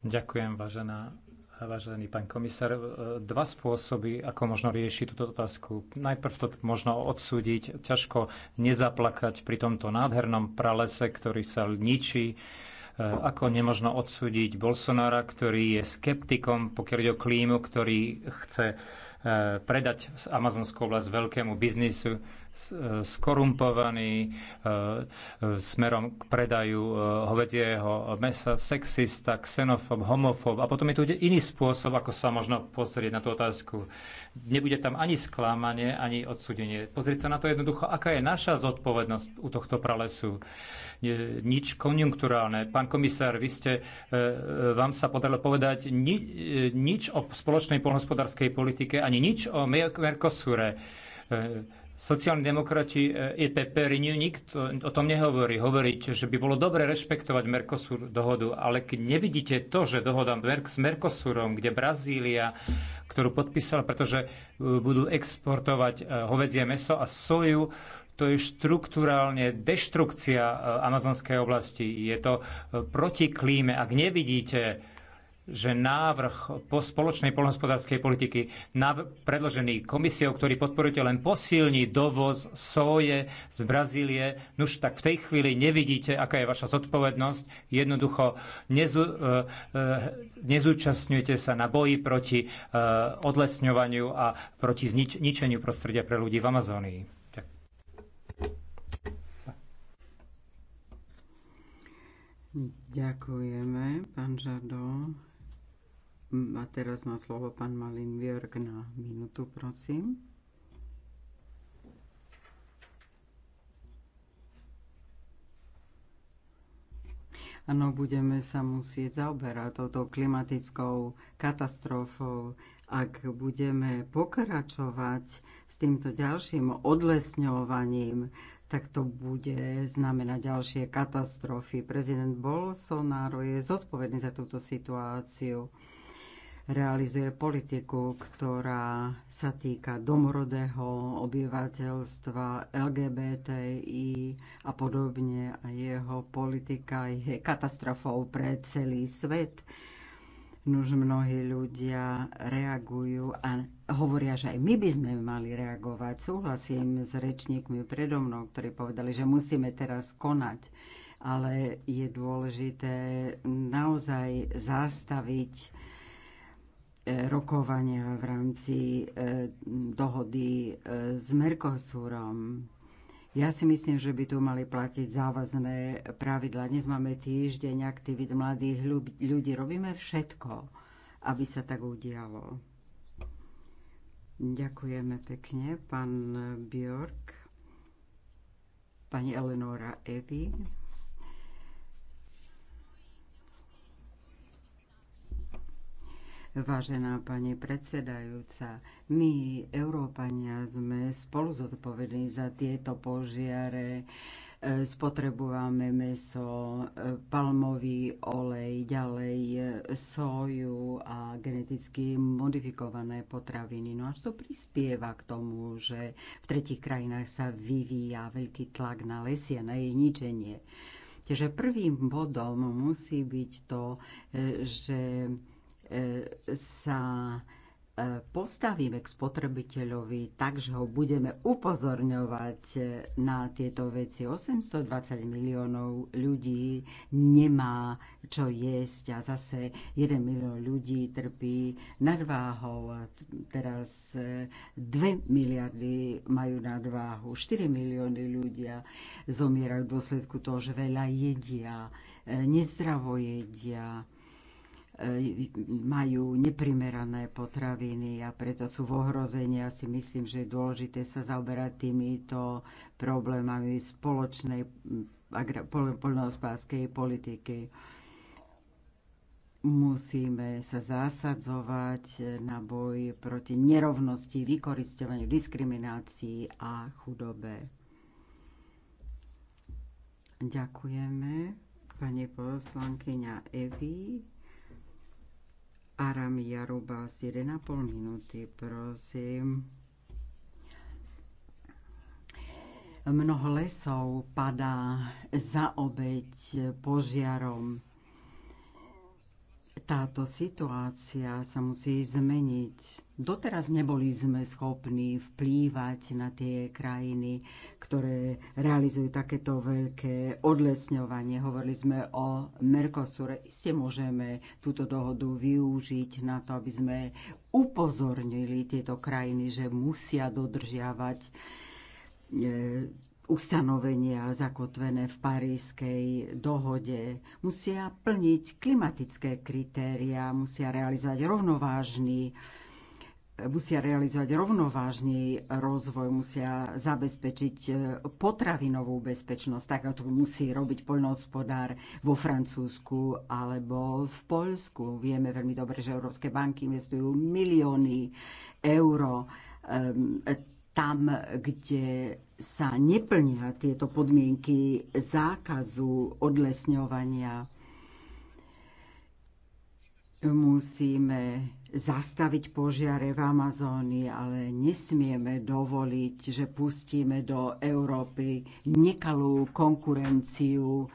Ďakujem, vážená Vážený pán komisár, e, dva spôsoby, ako možno riešiť túto otázku. Najprv to možno odsúdiť, ťažko nezaplakať pri tomto nádhernom pralese, ktorý sa ničí. E, ako nemožno odsúdiť Bolsonara, ktorý je skeptikom, pokiaľ ide o klímu, ktorý chce e, predať amazonskú vlast veľkému biznisu E, skorumpovaný e, e, smerom k predaju hovedzieho mesa, sexista, xenofób, homofób. A potom je tu iný spôsob, ako sa možno pozrieť na tú otázku. Nebude tam ani sklamanie, ani odsudenie. Pozrieť sa na to jednoducho, aká je naša zodpovednosť u tohto pralesu. Nič konjunkturálne. Pán komisár, vy ste, vám sa podarilo povedať ni, nič o spoločnej polnospodárskej politike, ani nič o Mercosure Sociálni demokrati EPP eh, e Renew nikto o tom nehovorí. Hovoríte, že by bolo dobre rešpektovať Mercosur dohodu, ale keď nevidíte to, že dohoda s Mercosurom, kde Brazília, ktorú podpísala, pretože eh, budú exportovať eh, hovedzie meso a soju, to je štruktúrálne deštrukcia amazonskej oblasti. Je to proti klíme. Ak nevidíte že návrh po spoločnej poľnohospodárskej politiky predložený komisiou, ktorý podporujete, len posilní dovoz soje z Brazílie. Nuž tak v tej chvíli nevidíte, aká je vaša zodpovednosť. Jednoducho nezu, e, e, nezúčastňujete sa na boji proti e, odlesňovaniu a proti znič, ničeniu prostredia pre ľudí v Amazónii. Ďakujeme, pán Žado. A teraz má slovo pán Malin Björk na minútu, prosím. Áno, budeme sa musieť zaoberať touto klimatickou katastrofou, ak budeme pokračovať s týmto ďalším odlesňovaním, tak to bude znamenať ďalšie katastrofy. Prezident Bolsonaro je zodpovedný za túto situáciu realizuje politiku, ktorá sa týka domorodého obyvateľstva, LGBTI a podobne. A jeho politika je katastrofou pre celý svet. Nuž mnohí ľudia reagujú a hovoria, že aj my by sme mali reagovať. Súhlasím s rečníkmi predo mnou, ktorí povedali, že musíme teraz konať ale je dôležité naozaj zastaviť E, rokovania v rámci e, dohody e, s Mercosurom. Ja si myslím, že by tu mali platiť závazné pravidla. Dnes máme týždeň aktivít mladých ľudí. Robíme všetko, aby sa tak udialo. Ďakujeme pekne, pán Bjork, pani Eleonora Evi. Vážená pani predsedajúca, my, Európania, sme spolu zodpovední za tieto požiare e, spotrebujeme meso, e, palmový olej, ďalej e, soju a geneticky modifikované potraviny. No a to prispieva k tomu, že v tretich krajinách sa vyvíja veľký tlak na lesie, na jej ničenie. Takže prvým bodom musí byť to, že E, sa e, postavíme k spotrebiteľovi tak, že ho budeme upozorňovať e, na tieto veci. 820 miliónov ľudí nemá čo jesť a zase 1 milión ľudí trpí nadváhou a teraz 2 miliardy majú nadváhu, 4 milióny ľudia zomierajú v dôsledku toho, že veľa jedia, nezdravo jedia E, majú neprimerané potraviny a preto sú v ohrození. Ja si myslím, že je dôležité sa zaoberať týmito problémami spoločnej mm, poľnohospodárskej politiky. Musíme sa zasadzovať na boj proti nerovnosti, vykoristovaniu, diskriminácii a chudobe. Ďakujeme pani poslankyňa Evi. Aram Jarubas, 1,5 minúty, prosím. Mnoho lesov padá za obeď požiarom táto situácia sa musí zmeniť. Doteraz neboli sme schopní vplývať na tie krajiny, ktoré realizujú takéto veľké odlesňovanie. Hovorili sme o Mercosure. Iste môžeme túto dohodu využiť na to, aby sme upozornili tieto krajiny, že musia dodržiavať e, ustanovenia zakotvené v Parískej dohode, musia plniť klimatické kritéria, musia realizovať rovnovážny musia realizovať rovnovážny rozvoj, musia zabezpečiť e, potravinovú bezpečnosť, tak ako to musí robiť poľnohospodár vo Francúzsku alebo v Poľsku. Vieme veľmi dobre, že európske banky investujú milióny eur e, tam, kde sa neplnia tieto podmienky zákazu odlesňovania. Musíme zastaviť požiare v Amazónii, ale nesmieme dovoliť, že pustíme do Európy nekalú konkurenciu,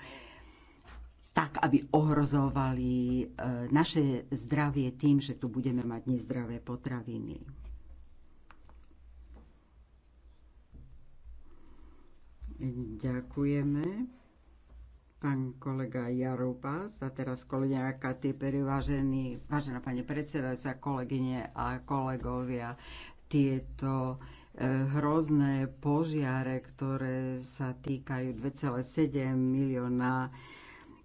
tak, aby ohrozovali eh, naše zdravie tým, že tu budeme mať nezdravé potraviny. Ďakujeme. Pán kolega Jarupas a teraz kolegyňa Katypery, vážený, vážená pani predsedajúca, kolegyne a kolegovia, tieto e, hrozné požiare, ktoré sa týkajú 2,7 milióna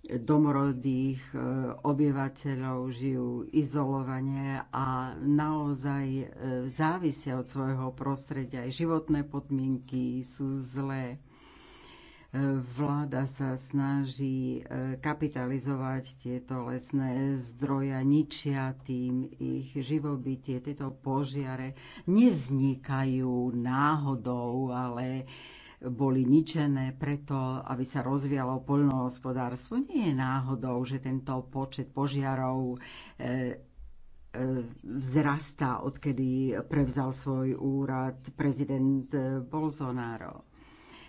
domorodých e, obyvateľov žijú izolovanie a naozaj e, závisia od svojho prostredia. Aj životné podmienky sú zlé. Vláda sa snaží e, kapitalizovať tieto lesné zdroja, ničia tým ich živobytie. Tieto požiare nevznikajú náhodou, ale boli ničené preto, aby sa rozvialo poľnohospodárstvo. Nie je náhodou, že tento počet požiarov e, e, vzrastá, odkedy prevzal svoj úrad prezident Bolsonaro.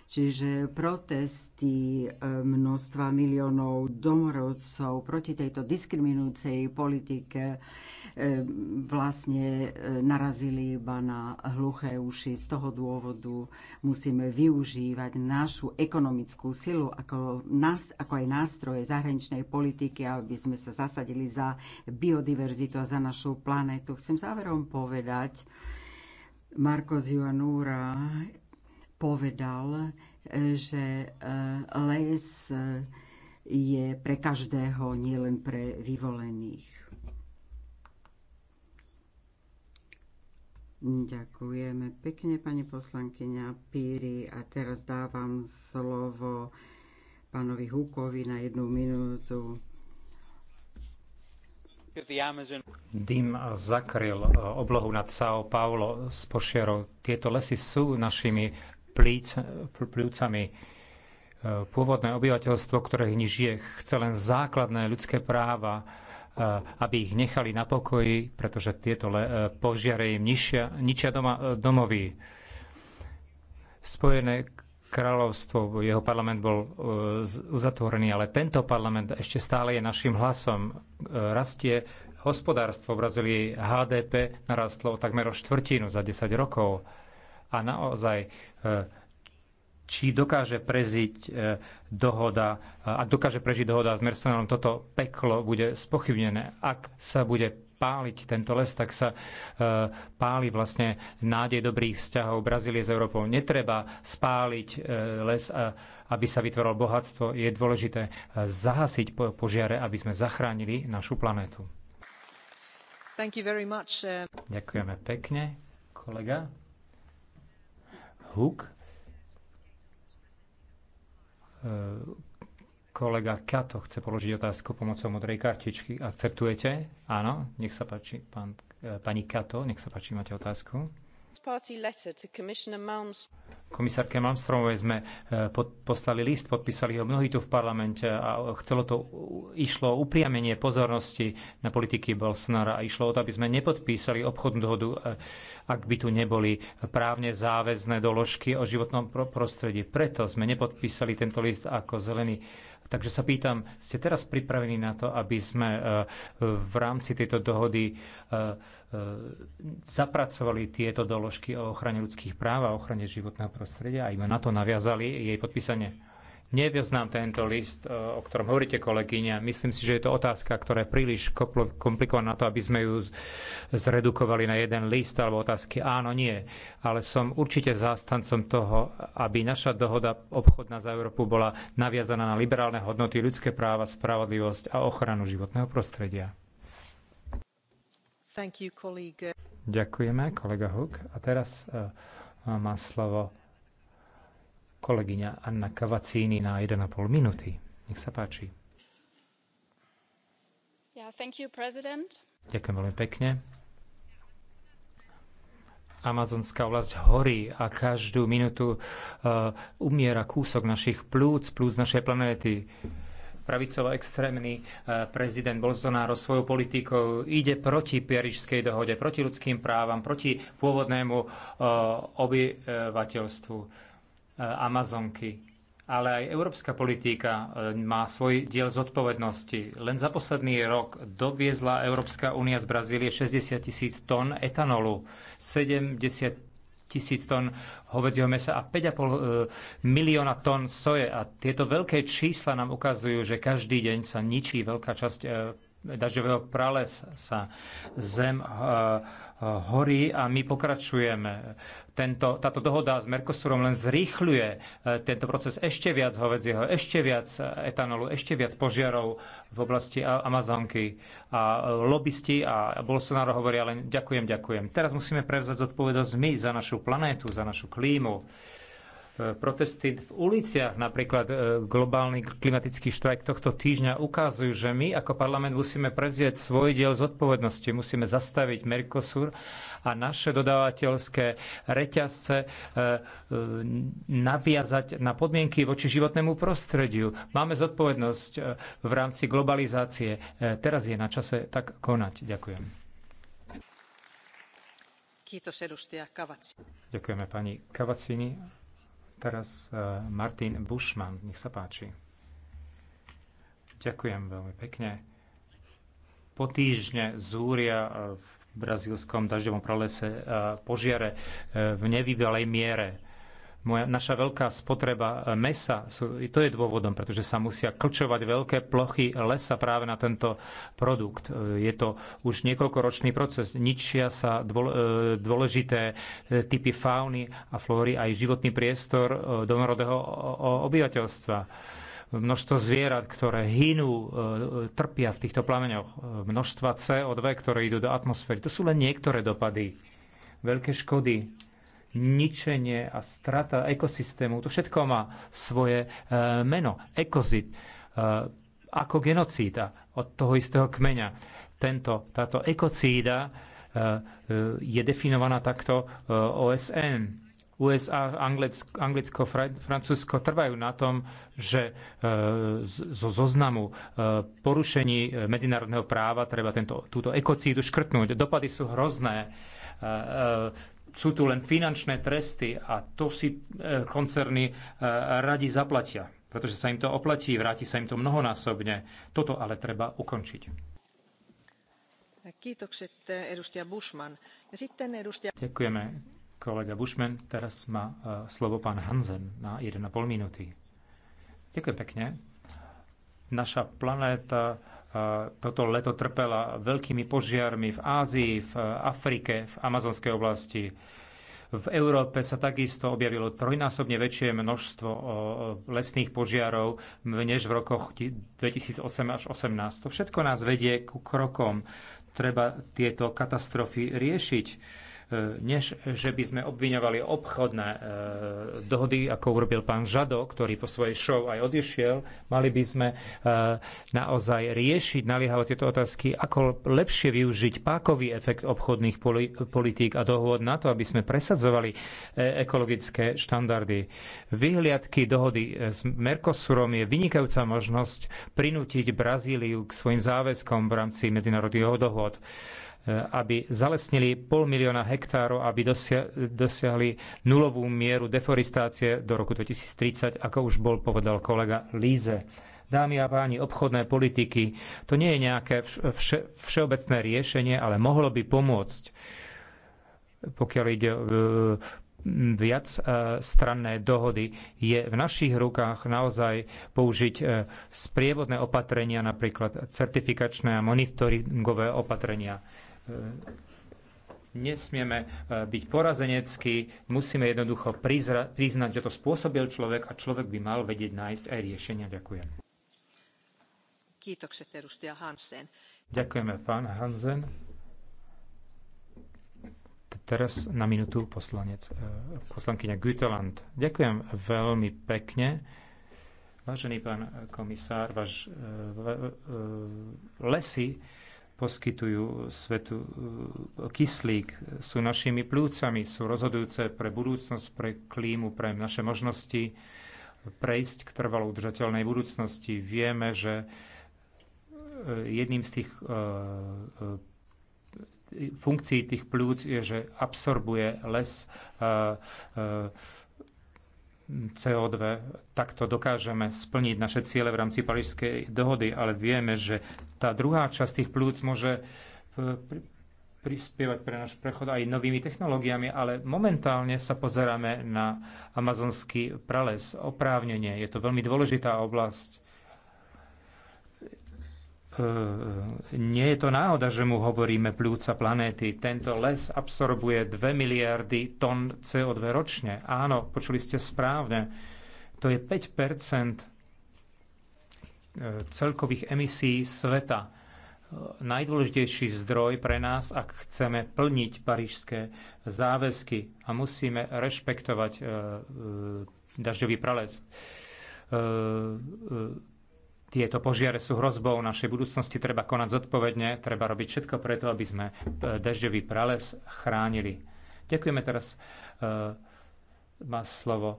Čiže protesty e, množstva miliónov domorodcov proti tejto diskriminujúcej politike e, vlastne e, narazili iba na hluché uši. Z toho dôvodu musíme využívať našu ekonomickú silu ako, nás, ako aj nástroje zahraničnej politiky, aby sme sa zasadili za biodiverzitu a za našu planetu. Chcem záverom povedať, Marko Zianúra povedal, e, že e, les e, je pre každého, nielen pre vyvolených. Ďakujeme pekne, pani poslankyňa Píri. A teraz dávam slovo pánovi Húkovi na jednu minútu. Dym zakryl oblohu nad São Paulo z pošiarov. Tieto lesy sú našimi plíc, e, Pôvodné obyvateľstvo, ktoré v nich žije, chce len základné ľudské práva, e, aby ich nechali na pokoji, pretože tieto e, požiare im ničia, ničia doma, domovy. Spojené kráľovstvo, jeho parlament bol uzatvorený, ale tento parlament ešte stále je našim hlasom. Rastie hospodárstvo v Brazílii, HDP narastlo takmer o štvrtinu za 10 rokov a naozaj e, či dokáže preziť e, dohoda e, a dokáže prežiť dohoda s Mersanom, toto peklo bude spochybnené. Ak sa bude páliť tento les, tak sa páli vlastne nádej dobrých vzťahov Brazílie s Európou. Netreba spáliť les, aby sa vytvorilo bohatstvo. Je dôležité zahasiť požiare, aby sme zachránili našu planétu. Uh, Ďakujeme pekne, kolega. Huk, e, kolega Kato chce položiť otázku pomocou modrej kartičky. Akceptujete? Áno, nech sa páči, pán, e, pani Kato, nech sa páči, máte otázku. Komisárke Malmstromovej sme e, poslali list, podpísali ho mnohí tu v parlamente a chcelo to, išlo o upriamenie pozornosti na politiky Bolsonara a išlo o to, aby sme nepodpísali obchodnú dohodu, e, ak by tu neboli právne záväzné doložky o životnom prostredí. Preto sme nepodpísali tento list ako zelený Takže sa pýtam, ste teraz pripravení na to, aby sme e, v rámci tejto dohody e, e, zapracovali tieto doložky o ochrane ľudských práv a ochrane životného prostredia a iba na to naviazali jej podpísanie? Nevyznám tento list, e, o ktorom hovoríte, kolegyňa. Myslím si, že je to otázka, ktorá je príliš komplikovaná na to, aby sme ju zredukovali na jeden list alebo otázky áno, nie. Ale som určite zástancom toho, aby naša dohoda obchodná za Európu bola naviazaná na liberálne hodnoty, ľudské práva, spravodlivosť a ochranu životného prostredia. Thank you, Ďakujeme, kolega Huk. A teraz e, má slovo Kolegyňa Anna Cavazzini na 1,5 minúty. Nech sa páči. Yeah, thank you, president. Ďakujem veľmi pekne. Amazonská vlast horí a každú minútu uh, umiera kúsok našich plúc, plúc našej planéty. Pravicovo-extrémny uh, prezident Bolsonaro svojou politikou ide proti Pierižskej dohode, proti ľudským právam, proti pôvodnému uh, obyvateľstvu E, Amazonky. Ale aj európska politika e, má svoj diel zodpovednosti. Len za posledný rok doviezla Európska únia z Brazílie 60 tisíc tón etanolu, 70 tisíc tón hovedzieho mesa a 5,5 e, milióna tón soje. A tieto veľké čísla nám ukazujú, že každý deň sa ničí veľká časť dažďového pralesa, zem, horí a my pokračujeme. Tento, táto dohoda s Mercosurom len zrýchľuje e, tento proces ešte viac hovedzieho, ešte viac etanolu, ešte viac požiarov v oblasti Amazonky. A e, lobbysti a Bolsonaro hovoria len ďakujem, ďakujem. Teraz musíme prevzať zodpovednosť my za našu planétu, za našu klímu protesty v uliciach, napríklad e, globálny klimatický štrajk tohto týždňa, ukazujú, že my ako parlament musíme prevzieť svoj diel zodpovednosti. Musíme zastaviť Mercosur a naše dodávateľské reťazce e, e, naviazať na podmienky voči životnému prostrediu. Máme zodpovednosť v rámci globalizácie. Teraz je na čase tak konať. Ďakujem. Ďakujeme pani Kavacini. Teraz e, Martin Bushman, nech sa páči. Ďakujem veľmi pekne. Po týždne zúria e, v brazílskom dažďovom pralese e, požiare v nevybalej miere moja, naša veľká spotreba e, mesa, sú, to je dôvodom, pretože sa musia klčovať veľké plochy lesa práve na tento produkt. E, je to už niekoľkoročný proces. Ničia sa e, dôležité typy fauny a flóry, aj životný priestor domorodého obyvateľstva. Množstvo zvierat, ktoré hynú, trpia v týchto plameňoch. Množstva CO2, ktoré idú do atmosféry. To sú len niektoré dopady. Veľké škody ničenie a strata ekosystému. To všetko má svoje e, meno. Ekozit e, ako genocída od toho istého kmeňa. Tento, táto ekocída e, je definovaná takto OSN. USA, Anglicko, Anglicko Francúzsko trvajú na tom, že zo zoznamu porušení medzinárodného práva treba tento, túto ekocídu škrtnúť. Dopady sú hrozné sú tu len finančné tresty a to si e, koncerny e, radi zaplatia, pretože sa im to oplatí, vráti sa im to mnohonásobne. Toto ale treba ukončiť. E, Ďakujeme, kolega Bushman. Teraz má slovo pán Hansen na 1,5 minúty. Ďakujem pekne. Naša planéta toto leto trpela veľkými požiarmi v Ázii, v Afrike, v amazonskej oblasti. V Európe sa takisto objavilo trojnásobne väčšie množstvo lesných požiarov než v rokoch 2008 až 2018. To všetko nás vedie ku krokom. Treba tieto katastrofy riešiť než že by sme obviňovali obchodné e, dohody, ako urobil pán Žado, ktorý po svojej show aj odišiel, mali by sme e, naozaj riešiť naliehavo tieto otázky, ako lepšie využiť pákový efekt obchodných politík a dohôd na to, aby sme presadzovali e, ekologické štandardy. Vyhliadky dohody s Mercosurom je vynikajúca možnosť prinútiť Brazíliu k svojim záväzkom v rámci medzinárodných dohôd. Eh, aby zalesnili pol milióna hektárov, aby dosiahli nulovú mieru deforestácie do roku 2030, ako už bol povedal kolega Líze. Dámy a páni, obchodné politiky, to nie je nejaké vše, všeobecné riešenie, ale mohlo by pomôcť, pokiaľ ide eh, viac eh, stranné dohody. Je v našich rukách naozaj použiť sprievodné opatrenia, napríklad certifikačné a monitoringové opatrenia. E, nesmieme e, byť porazeneckí, musíme jednoducho prizra- priznať, že to spôsobil človek a človek by mal vedieť nájsť aj riešenia. Ďakujem. Ďakujeme, pán Hansen. Teraz na minútu poslanec, e, poslankyňa Güteland. Ďakujem veľmi pekne. Vážený pán komisár, váš lesy poskytujú svetu e, kyslík, sú našimi plúcami, sú rozhodujúce pre budúcnosť, pre klímu, pre naše možnosti prejsť k trvalo udržateľnej budúcnosti. Vieme, že e, jedným z tých e, funkcií tých plúc je, že absorbuje les CO2. Takto dokážeme splniť naše ciele v rámci Parížskej dohody, ale vieme, že tá druhá časť tých plúc môže eh, prispievať pre náš prechod aj novými technológiami, ale momentálne sa pozeráme na amazonský prales, oprávnenie. Je to veľmi dôležitá oblasť E, nie je to náhoda, že mu hovoríme plúca planéty. Tento les absorbuje 2 miliardy tón CO2 ročne. Áno, počuli ste správne. To je 5 e, celkových emisí sveta. E, najdôležitejší zdroj pre nás, ak chceme plniť parížské záväzky a musíme rešpektovať dažďový prales tieto požiare sú hrozbou našej budúcnosti, treba konať zodpovedne, treba robiť všetko preto, aby sme e, dažďový prales chránili. Ďakujeme teraz. E, má slovo e,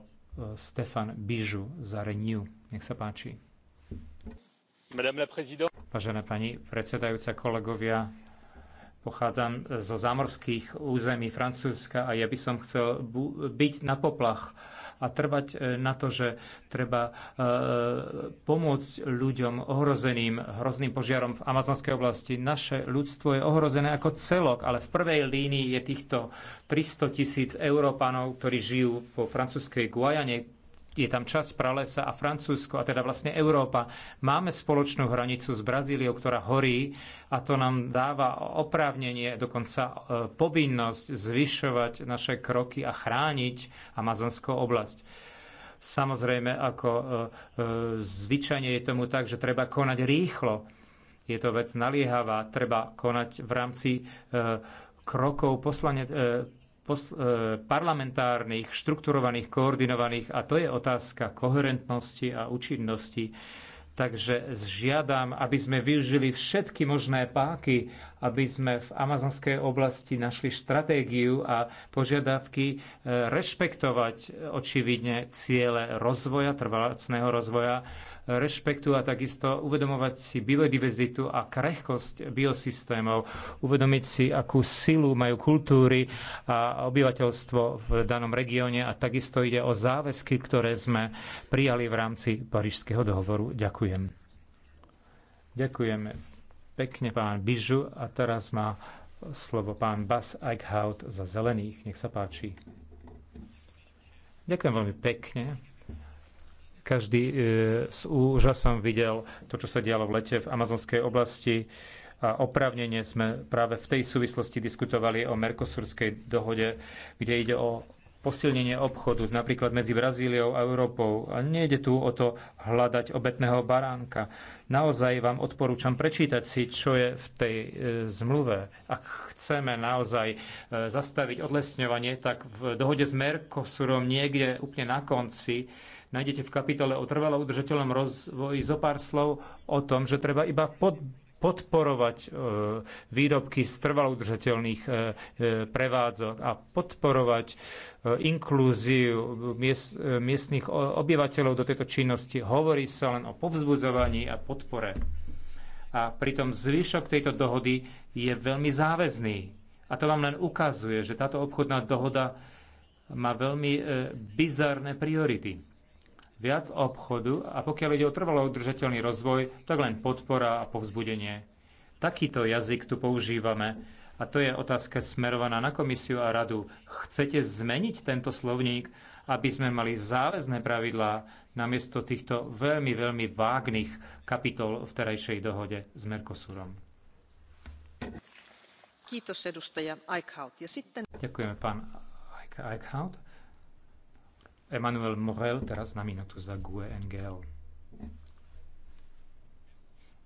Stefan Bižu za Renew. Nech sa páči. Vážená pani predsedajúca, kolegovia, pochádzam zo zamorských území Francúzska a ja by som chcel byť na poplach a trvať e, na to, že treba e, pomôcť ľuďom ohrozeným hrozným požiarom v amazonskej oblasti. Naše ľudstvo je ohrozené ako celok, ale v prvej línii je týchto 300 tisíc Európanov, ktorí žijú vo francúzskej Guajane, je tam čas pralesa a Francúzsko, a teda vlastne Európa. Máme spoločnú hranicu s Brazíliou, ktorá horí a to nám dáva oprávnenie, dokonca e, povinnosť zvyšovať naše kroky a chrániť amazonskú oblasť. Samozrejme, ako e, e, zvyčajne je tomu tak, že treba konať rýchlo. Je to vec naliehavá, treba konať v rámci krokov poslane, E, parlamentárnych, štrukturovaných, koordinovaných a to je otázka koherentnosti a účinnosti. Takže žiadam, aby sme využili všetky možné páky, aby sme v amazonskej oblasti našli stratégiu a požiadavky eh, rešpektovať očividne ciele rozvoja, trvalacného rozvoja, rešpektu a takisto uvedomovať si biodiverzitu a krehkosť biosystémov, uvedomiť si, akú silu majú kultúry a obyvateľstvo v danom regióne a takisto ide o záväzky, ktoré sme prijali v rámci Parížského dohovoru. Ďakujem. Ďakujeme pekne pán Bižu a teraz má slovo pán Bas Eichhout za zelených. Nech sa páči. Ďakujem veľmi pekne. Každý e, s úžasom videl to, čo sa dialo v lete v amazonskej oblasti a opravnenie sme práve v tej súvislosti diskutovali o Merkosurskej dohode, kde ide o posilnenie obchodu napríklad medzi Brazíliou a Európou. A nejde tu o to hľadať obetného baránka. Naozaj vám odporúčam prečítať si, čo je v tej e, zmluve. Ak chceme naozaj e, zastaviť odlesňovanie, tak v dohode s Mercosurom niekde úplne na konci nájdete v kapitole o trvalo udržateľnom rozvoji zo pár slov o tom, že treba iba pod podporovať e, výrobky z trvalo udržateľných e, e, prevádzok a podporovať inklúziu miest, miestných obyvateľov do tejto činnosti. Hovorí sa len o povzbudzovaní a podpore. A pritom zvyšok tejto dohody je veľmi záväzný. A to vám len ukazuje, že táto obchodná dohoda má veľmi bizarné priority viac obchodu a pokiaľ ide o trvalo udržateľný rozvoj, tak len podpora a povzbudenie. Takýto jazyk tu používame a to je otázka smerovaná na komisiu a radu. Chcete zmeniť tento slovník, aby sme mali záväzné pravidlá namiesto týchto veľmi, veľmi vágnych kapitol v terajšej dohode s Mercosurom? Kiitos, edustaja Ja sitten... Ďakujeme, pán Eickhout. Emanuel Morel teraz na minútu za GUE NGL.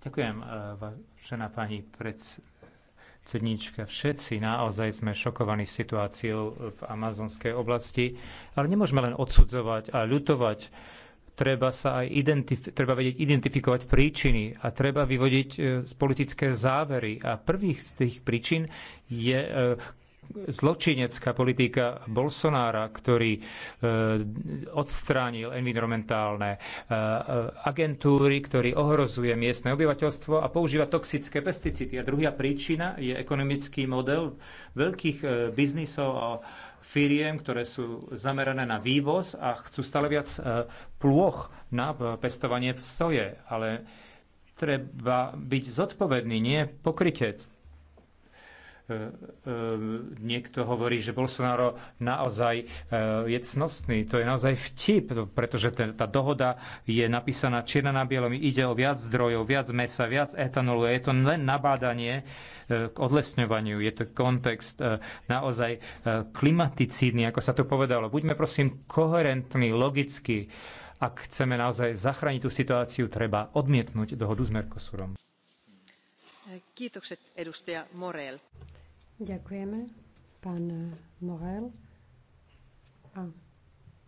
Ďakujem, eh, vážená pani predsedníčka. Všetci naozaj sme šokovaní situáciou v amazonskej oblasti, ale nemôžeme len odsudzovať a ľutovať. Treba, sa aj identif- treba vedieť identifikovať príčiny a treba vyvodiť eh, politické závery. A prvých z tých príčin je eh, zločinecká politika Bolsonára, ktorý e, odstránil environmentálne e, agentúry, ktorý ohrozuje miestne obyvateľstvo a používa toxické pesticídy. A druhá príčina je ekonomický model veľkých e, biznisov a firiem, ktoré sú zamerané na vývoz a chcú stále viac plôch na pestovanie soje. Ale treba byť zodpovedný, nie pokrytec E, e, niekto hovorí, že Bolsonaro naozaj e, je cnostný. To je naozaj vtip, pretože tá dohoda je napísaná čierna na bielom. Ide o viac zdrojov, viac mesa, viac etanolu. Je to len nabádanie k odlesňovaniu. Je to kontext naozaj klimaticídny, ako sa to povedalo. Buďme prosím koherentní, logicky. Ak chceme naozaj zachrániť tú situáciu, treba odmietnúť dohodu s Mercosurom. Kiitokset, edustaja Morel Ďakujeme, pán eh, Morel. A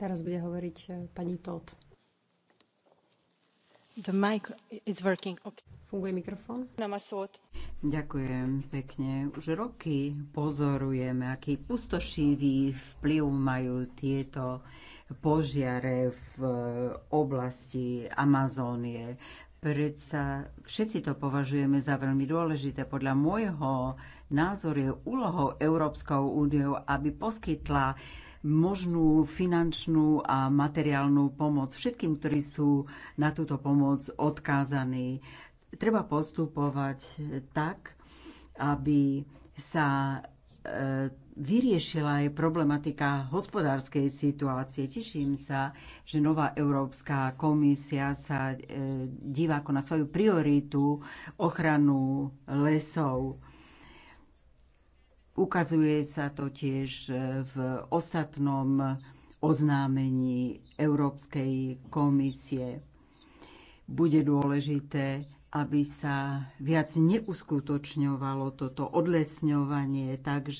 teraz bude hovoriť eh, pani Todd. The mic is working. Okay. Funguje mikrofón? Ďakujem pekne. Už roky pozorujeme, aký pustošivý vplyv majú tieto požiare v eh, oblasti Amazónie. Predsa všetci to považujeme za veľmi dôležité. Podľa môjho názor je úlohou Európskou úniou, aby poskytla možnú finančnú a materiálnu pomoc všetkým, ktorí sú na túto pomoc odkázaní. Treba postupovať tak, aby sa e, vyriešila aj problematika hospodárskej situácie. Teším sa, že nová Európska komisia sa e, díva ako na svoju prioritu ochranu lesov. Ukazuje sa to tiež e, v ostatnom oznámení Európskej komisie. Bude dôležité, aby sa viac neuskutočňovalo toto odlesňovanie, takže